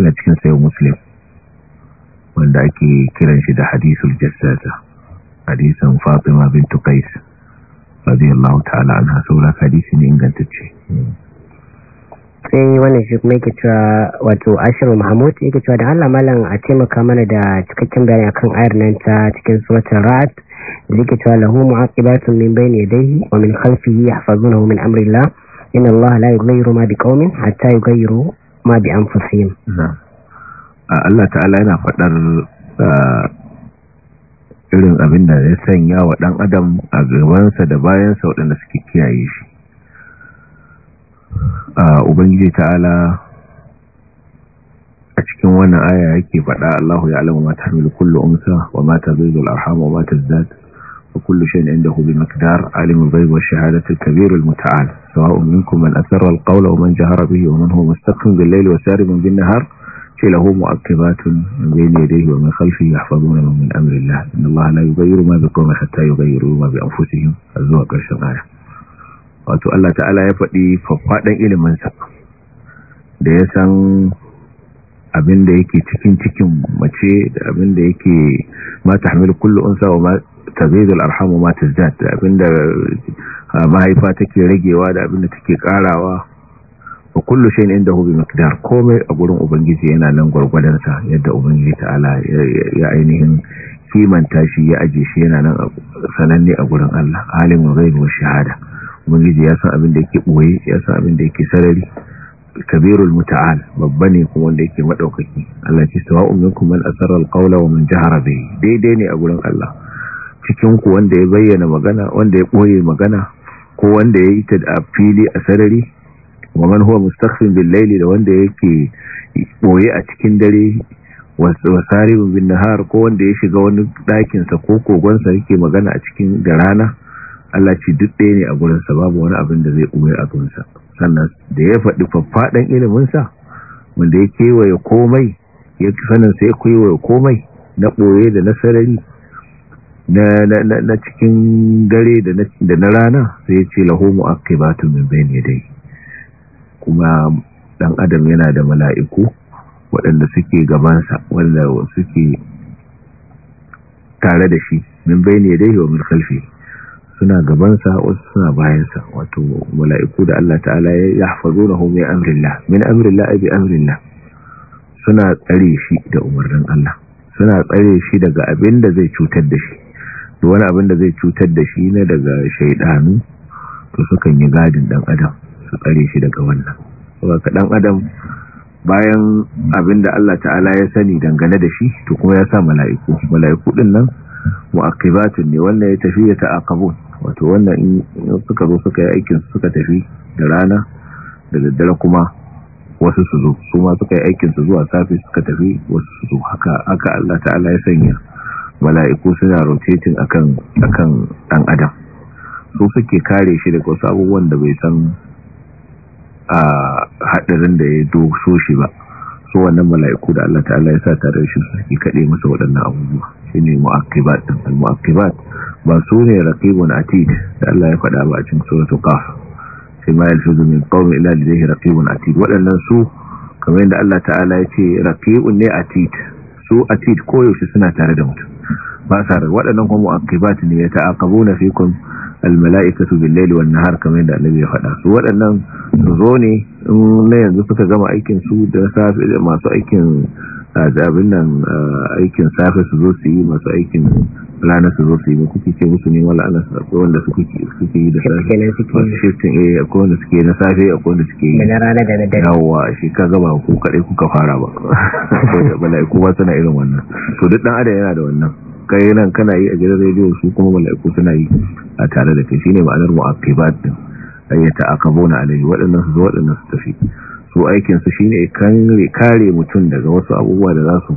yana cikin muslim wanda ake kiran shi da hadisul jassasa hadisan fatima bint qais radiyallahu ta'ala anha saboda hadisi ne ingantacce sai wannan shi kuma yake cewa wato ashiru mahmud yake cewa da Allah malam a taimaka mana da cikakken bayani akan ayar nan ta cikin suwatar rat da yake cewa lahu mu'aqibatun min bayni yadayhi wa min khalfihi yahfazunahu min amrillah inna Allah la yughayyiru ma biqaumin hatta yughayyiru ma bi anfusihim Allah ta'ala yana faɗar ah, irin abin da ya sanya wa ɗan adam a gabansa da bayansa waɗanda suke kiyaye shi a ubangiji ta'ala a cikin wannan aya yake faɗa Allahu ya alamu mata hamilu kullu umsa wa ma tazidu al arham wa ma tazdad wa kullu shay'in indahu bi maqdar alimul ghaib wa shahadatu kabir al muta'al sawa'un minkum man asarra al qawla wa man jahara bihi wa man huwa mustaqim bil layli wa sarimun bin nahar له مؤكبات من بين يديه ومن خلفه يحفظون من أمر الله إن الله لا يغير ما بقوم حتى يغيروا ما بأنفسهم الزوق الشغاية وقالت الله تعالى يفدي ففادا إلى من سب دي سن أبن ديكي تكين تكين مجي أبن ديكي ما تحمل كل أنسى وما تزيد الأرحام وما تزداد أبن ديكي ما هي فاتكي رجي وادا أبن ديكي قارا وادا wa kullu shay'in indahu bi miqdar komai a gurin ubangiji yana nan gwargwadon sa yadda ubangiji ta'ala ya ainihin kimanta shi ya aje shi yana nan sananne a gurin Allah alimul ghaibi wa shahada ubangiji ya san abin da yake boye ya san abin da yake sarari kabirul muta'al babba ne kuma wanda yake madaukaki Allah ce sawa'un minkum man asarra alqawla wa man jahara bihi daidai ne a gurin Allah cikin ku wanda ya bayyana magana wanda ya boye magana ko wanda ya yi ta a fili a sarari wa man huwa mustakhfin bil layli da wanda yake boye a cikin dare wa wasaribin bin nahar ko wanda ya shiga wani ɗakinsa ko kogonsa yake magana a cikin da rana Allah ci duk ɗaya ne a gurinsa babu wani abin da zai ɓoye a sa sannan da ya faɗi faffaɗan iliminsa wanda ya kewaye komai ya sanin sai kewaye komai na ɓoye da na sarari na cikin dare da na rana sai ya ce lahomu aka ba min bai dai kuma dan adam yana da mala'iku waɗanda suke gabansa wanda suke tare da shi min bayani da wa min khalfi suna gabansa wasu suna bayansa wato mala'iku da Allah ta'ala ya lahu min amrillah min amrillah abi amrillah suna tsare shi da umarnin Allah suna tsare shi daga abin da zai cutar da shi da wani abin da zai cutar da shi na daga shaidanu to sukan yi gadin dan adam su tsare shi daga wannan ba ɗan adam bayan abin da Allah ta'ala ya sani dangane da shi to kuma ya sa mala'iku mala'iku din nan mu'aqibatun ne wannan ya tafi ya ta'aqabu wato wannan in suka zo suka yi aikin suka tafi da rana da daddare kuma wasu su zo su ma suka yi aikin su zuwa safi suka tafi wasu su zo haka haka Allah ta'ala ya sanya mala'iku suna rotating akan akan dan adam su suke kare shi daga wasu abubuwan da bai san a haɗarin da ya doso shi ba su wannan mala'iku da Allah ta'ala ya sa tare shi su ki kaɗe masa waɗannan abubuwa shine mu'aqibat al mu'akibat ba su ne raqibun atid da Allah ya faɗa ba a cikin suratul qaf sai ma yalfuzu min qawmi ila ladayhi raqibun atid waɗannan su kamar yadda Allah ta'ala ya ce raqibun ne atid su atid koyaushe suna tare da mutum ba sa waɗannan kuma mu'akibat ne ya ta'aqabuna fikum almala'ikatu bil-laili wan-nahar kamar da annabi ya faɗa su waɗannan zo ne na yanzu suka gama aikin su da safi masu aikin azabin nan aikin safi su zo su yi masu aikin rana su zo su yi kuke ce musu ne wala su? sako wanda suke suke yi da safi yi. eh akwai wanda suke na safi akwai wanda suke yi na rana da na dare yawa shi ka gaba ku kaɗai kuka fara ba ko da bala'i ba suna irin wannan to duk ɗan adam yana da wannan kayanan kana yi a gidan rediyo su kuma mala'iku suna yi a tare da kai shine ma'anar mu'aqibat din ayyata akabuna alai waɗannan su waɗannan su tafi su aikin su shine kare kare mutum daga wasu abubuwa da za su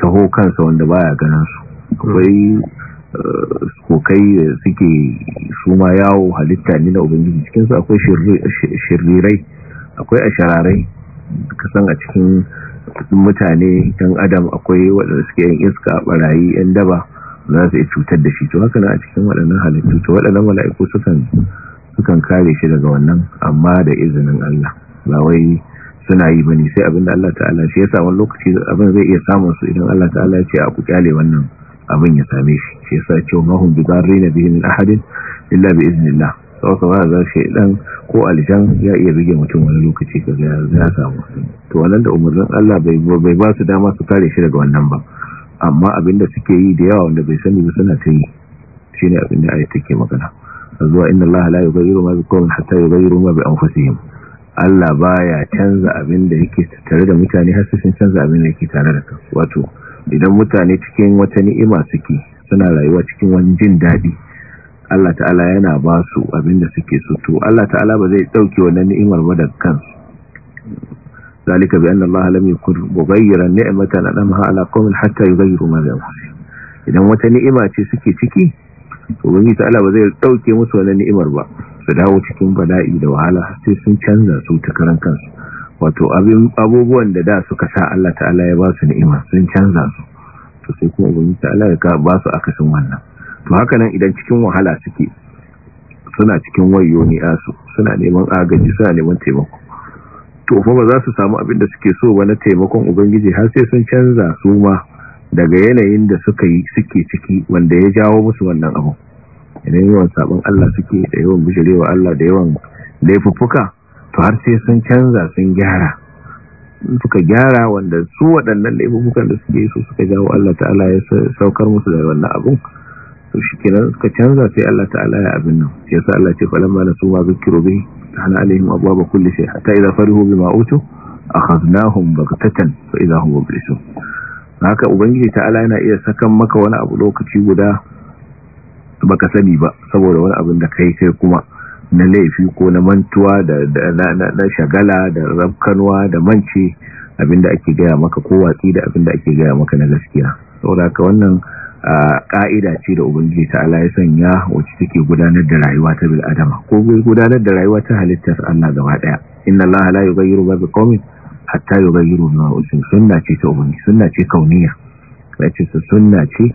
taho kansa wanda baya ganin su akwai eh, kokai da suke su ma yawo halitta ne na ubangiji cikin su akwai shirirai akwai ashararai kasan a cikin mutane yan adam akwai waɗanda suke yin iska barayi yan daba za su yi cutar da shi to haka na a cikin waɗannan halittu to waɗannan mala'iku sukan sukan kare shi daga wannan amma da izinin Allah ba wai suna yi ba bane sai abin da Allah ta'ala shi sa wani lokaci abin zai iya samun su idan Allah ta'ala ya ce a ku wannan abin ya same shi shi yasa cewa mahum bidarrin bihim ahadin illa bi iznillah sau ka ba za shi dan ko aljan ya iya rige mutum wani lokaci ka ga ya samu to wannan da umarnin Allah bai bai ba su dama su kare shi daga wannan ba amma abinda suke yi da yawa wanda bai sani ba suna ta yi shine da ayi take magana zuwa inna Allah la yughayyiru ma biqawmin hatta yughayyiru ma bi anfusihim Allah baya canza abin abinda yake tare da mutane har sai canza abin da yake tare da kansu wato idan mutane cikin wata ni'ima suke suna rayuwa cikin wani jin daɗi Allah ta'ala yana ba su abinda suke so to Allah ta'ala ba zai dauke wannan ni'imar ba daga kansu zalika bi anna Allah lam yakun mughayyiran ni'matan an'amaha ala qaumin hatta yughayyiru ma bi anfusihim idan wata ni'ima ce suke ciki ubangiji ta'ala ba zai dauke musu wannan ni'imar ba su dawo cikin bala'i da wahala sai sun canza su ta karan kansu wato abubuwan da da suka sa Allah ta'ala ya ba su ni'ima sun canza su to sai kuma ubangiji ta'ala ya ba su akasin wannan to haka nan idan cikin wahala suke suna cikin wayo a asu suna neman agaji suna neman taimako to fa ba za su samu abin da suke so ba na taimakon ubangiji har sai sun canza su ma daga yanayin da suka yi suke ciki wanda ya jawo musu wannan abu idan yawan sabon Allah suke da yawan bijirewa Allah da yawan laifuffuka to har sai sun canza sun gyara suka gyara wanda su waɗannan laifukan da suke so suka jawo Allah ta'ala ya saukar musu da wannan abun to shikenan suka canza sai Allah ta'ala ya abin nan sai yasa Allah ce falamma nasu ma zikiru bihi ta'ala alaihim abwaba kulli shay hatta idza farihu bima utu akhadnahum baghtatan fa idza hum mublisun haka ubangiji ta'ala yana iya sakan maka wani abu lokaci guda ka sani ba saboda wani abin da kai kai kuma na laifi ko na mantuwa da na shagala da rabkanwa da abin abinda ake gaya maka ko watsi da da ake gaya maka na gaskiya saboda haka wannan ka'ida ce da ubangiji ta Allah ya sanya wacce take gudanar da rayuwa ta bil adama ko gudanar da rayuwa ta halittar Allah gaba daya inna Allah la yughayyiru ma biqawmin hatta yughayyiru ma anfusihim sunna ce ta ubangiji sunna ce kauniya wace su sunna ce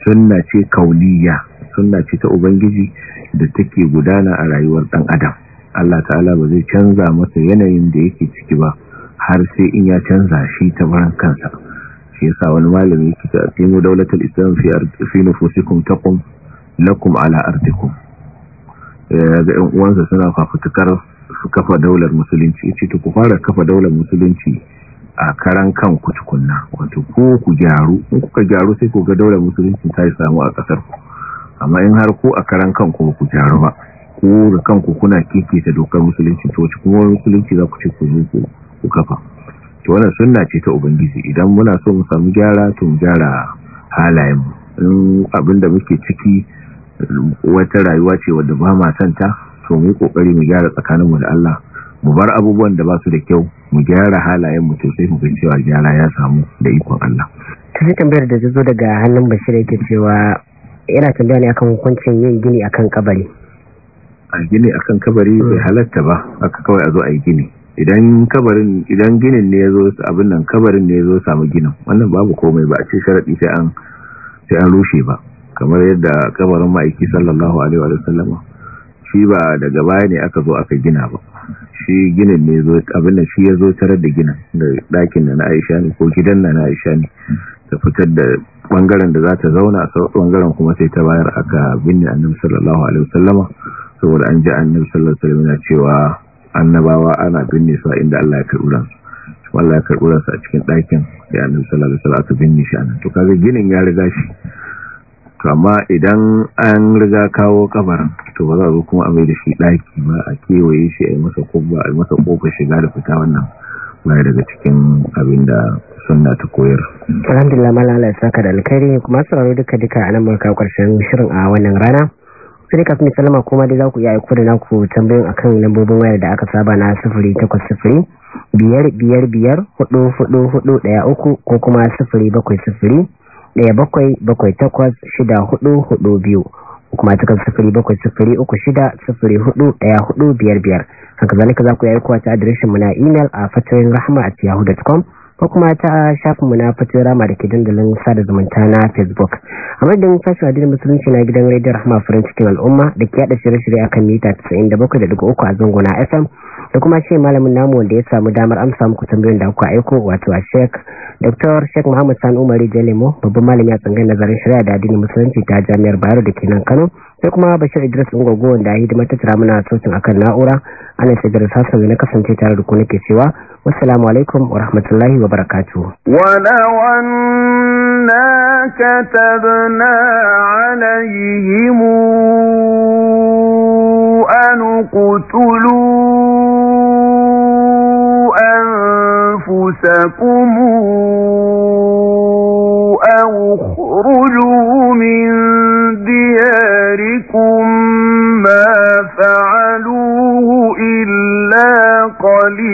sunna ce kauniya sunna ce ta ubangiji da take gudana a rayuwar dan adam Allah ta'ala ba zai canza masa yanayin da yake ciki ba har sai in ya canza shi ta baran kansa shi yasa wani malami yake cewa mu dawlatal islam fi fi nufusikum taqum lakum ala ardikum eh, ga yan uwansa suna fafutukar su kafa daular musulunci yace to ku fara kafa daular musulunci a karan kan ku tukunna wato ko ku gyaru in kuka gyaru sai ku ga daular musulunci ta yi samu a kasar ku amma in har ko a karan kan ku ku gyaru ba ku da kanku kuna kike ta dokar musulunci to kuma musulunci za ku ce ku zo ku kafa to wannan sunna ce ta ubangiji idan muna so mu samu gyara to mu gyara halayen mu abin da muke ciki wata rayuwa ce wadda ba ma santa to mu yi kokari mu gyara tsakanin mu da Allah mu bar abubuwan da ba su da kyau mu gyara halayen mu to sai mu ga cewa gyara ya samu da ikon Allah ta sai tambayar da zo daga hannun bashir yake cewa yana tambaya ne akan hukuncin yin gini akan kabari a gini akan kabari bai mm. halatta ba aka kawai a zo a yi gini idan kabarin idan ginin ne yazo abin nan kabarin ne yazo samu ginin wannan babu komai ba a ce sharadi sai an sai an rushe ba kamar yadda kabarin ma'aiki sallallahu alaihi wa sallam shi ba daga baya ne aka zo aka gina ba shi ginin ne zo abin nan shi yazo tarar da ginin da dakin na Aisha ne ko gidan na Aisha ne ta fitar da bangaren da za ta zauna a sau bangaren kuma sai ta bayar aka binne annabi sallallahu alaihi wa sallama saboda an ji annabi sallallahu alaihi wa cewa annabawa ana binne su a inda Allah ya karɓi ransu Allah ya karɓi ransu a cikin ɗakin da annabi sallallahu alaihi wasallam aka binne shi anan to kaga ginin ya riga shi to amma idan an riga kawo kabarin to ba za a zo kuma a mai da shi ɗaki ba a kewaye shi a yi masa kubba a yi masa kofar shiga da fita wannan baya daga cikin abin da sunna ta koyar. alhamdulillah malala ya saka da alkhairi kuma sauraro duka duka a nan muka karshen shirin a wannan rana sai dai kafin salama kuma dai za ku iya aiko da naku tambayin akan lambobin wayar da aka saba na sifiri takwas sifiri biyar biyar biyar hudu hudu hudu daya uku ko kuma sifiri bakwai sifiri daya bakwai bakwai takwas shida hudu hudu biyu kuma cikin sifiri bakwai sifiri uku shida sifiri hudu daya hudu biyar biyar haka zalika za ku yi aikowa ta adireshin mu na imel a fatoyin rahama at yahoo.com ko kuma ta shafin mu na rama da ke dandalin sada zumunta na facebook a madadin sashen adinin musulunci na gidan radio rahama farin cikin al'umma da ke yada shirye-shirye akan mita 97.3 a na fm da kuma shi malamin namu wanda ya samu damar amsa muku tambayoyin da kuka aiko wato a sheik dr sheik muhammad san Umar jelimo babban malami a tsangar nazarin shari'a da adinin musulunci ta jami'ar bayero da ke nan kano sai kuma bashir idris ungogo wanda ya hidimar tattara mana sautin akan na'ura ana shigar da na kasance tare da kuna ke cewa والسلام عليكم ورحمة الله وبركاته ولو أنا كتبنا عليهم أن اقتلوا أنفسكم أو اخرجوا من دياركم ما فعلوه إلا قليلا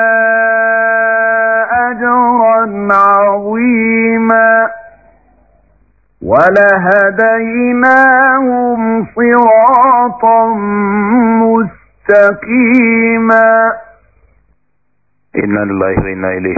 أجرا عظيما ولهديناهم صراطا مستقيما إنا لله وإنا إليه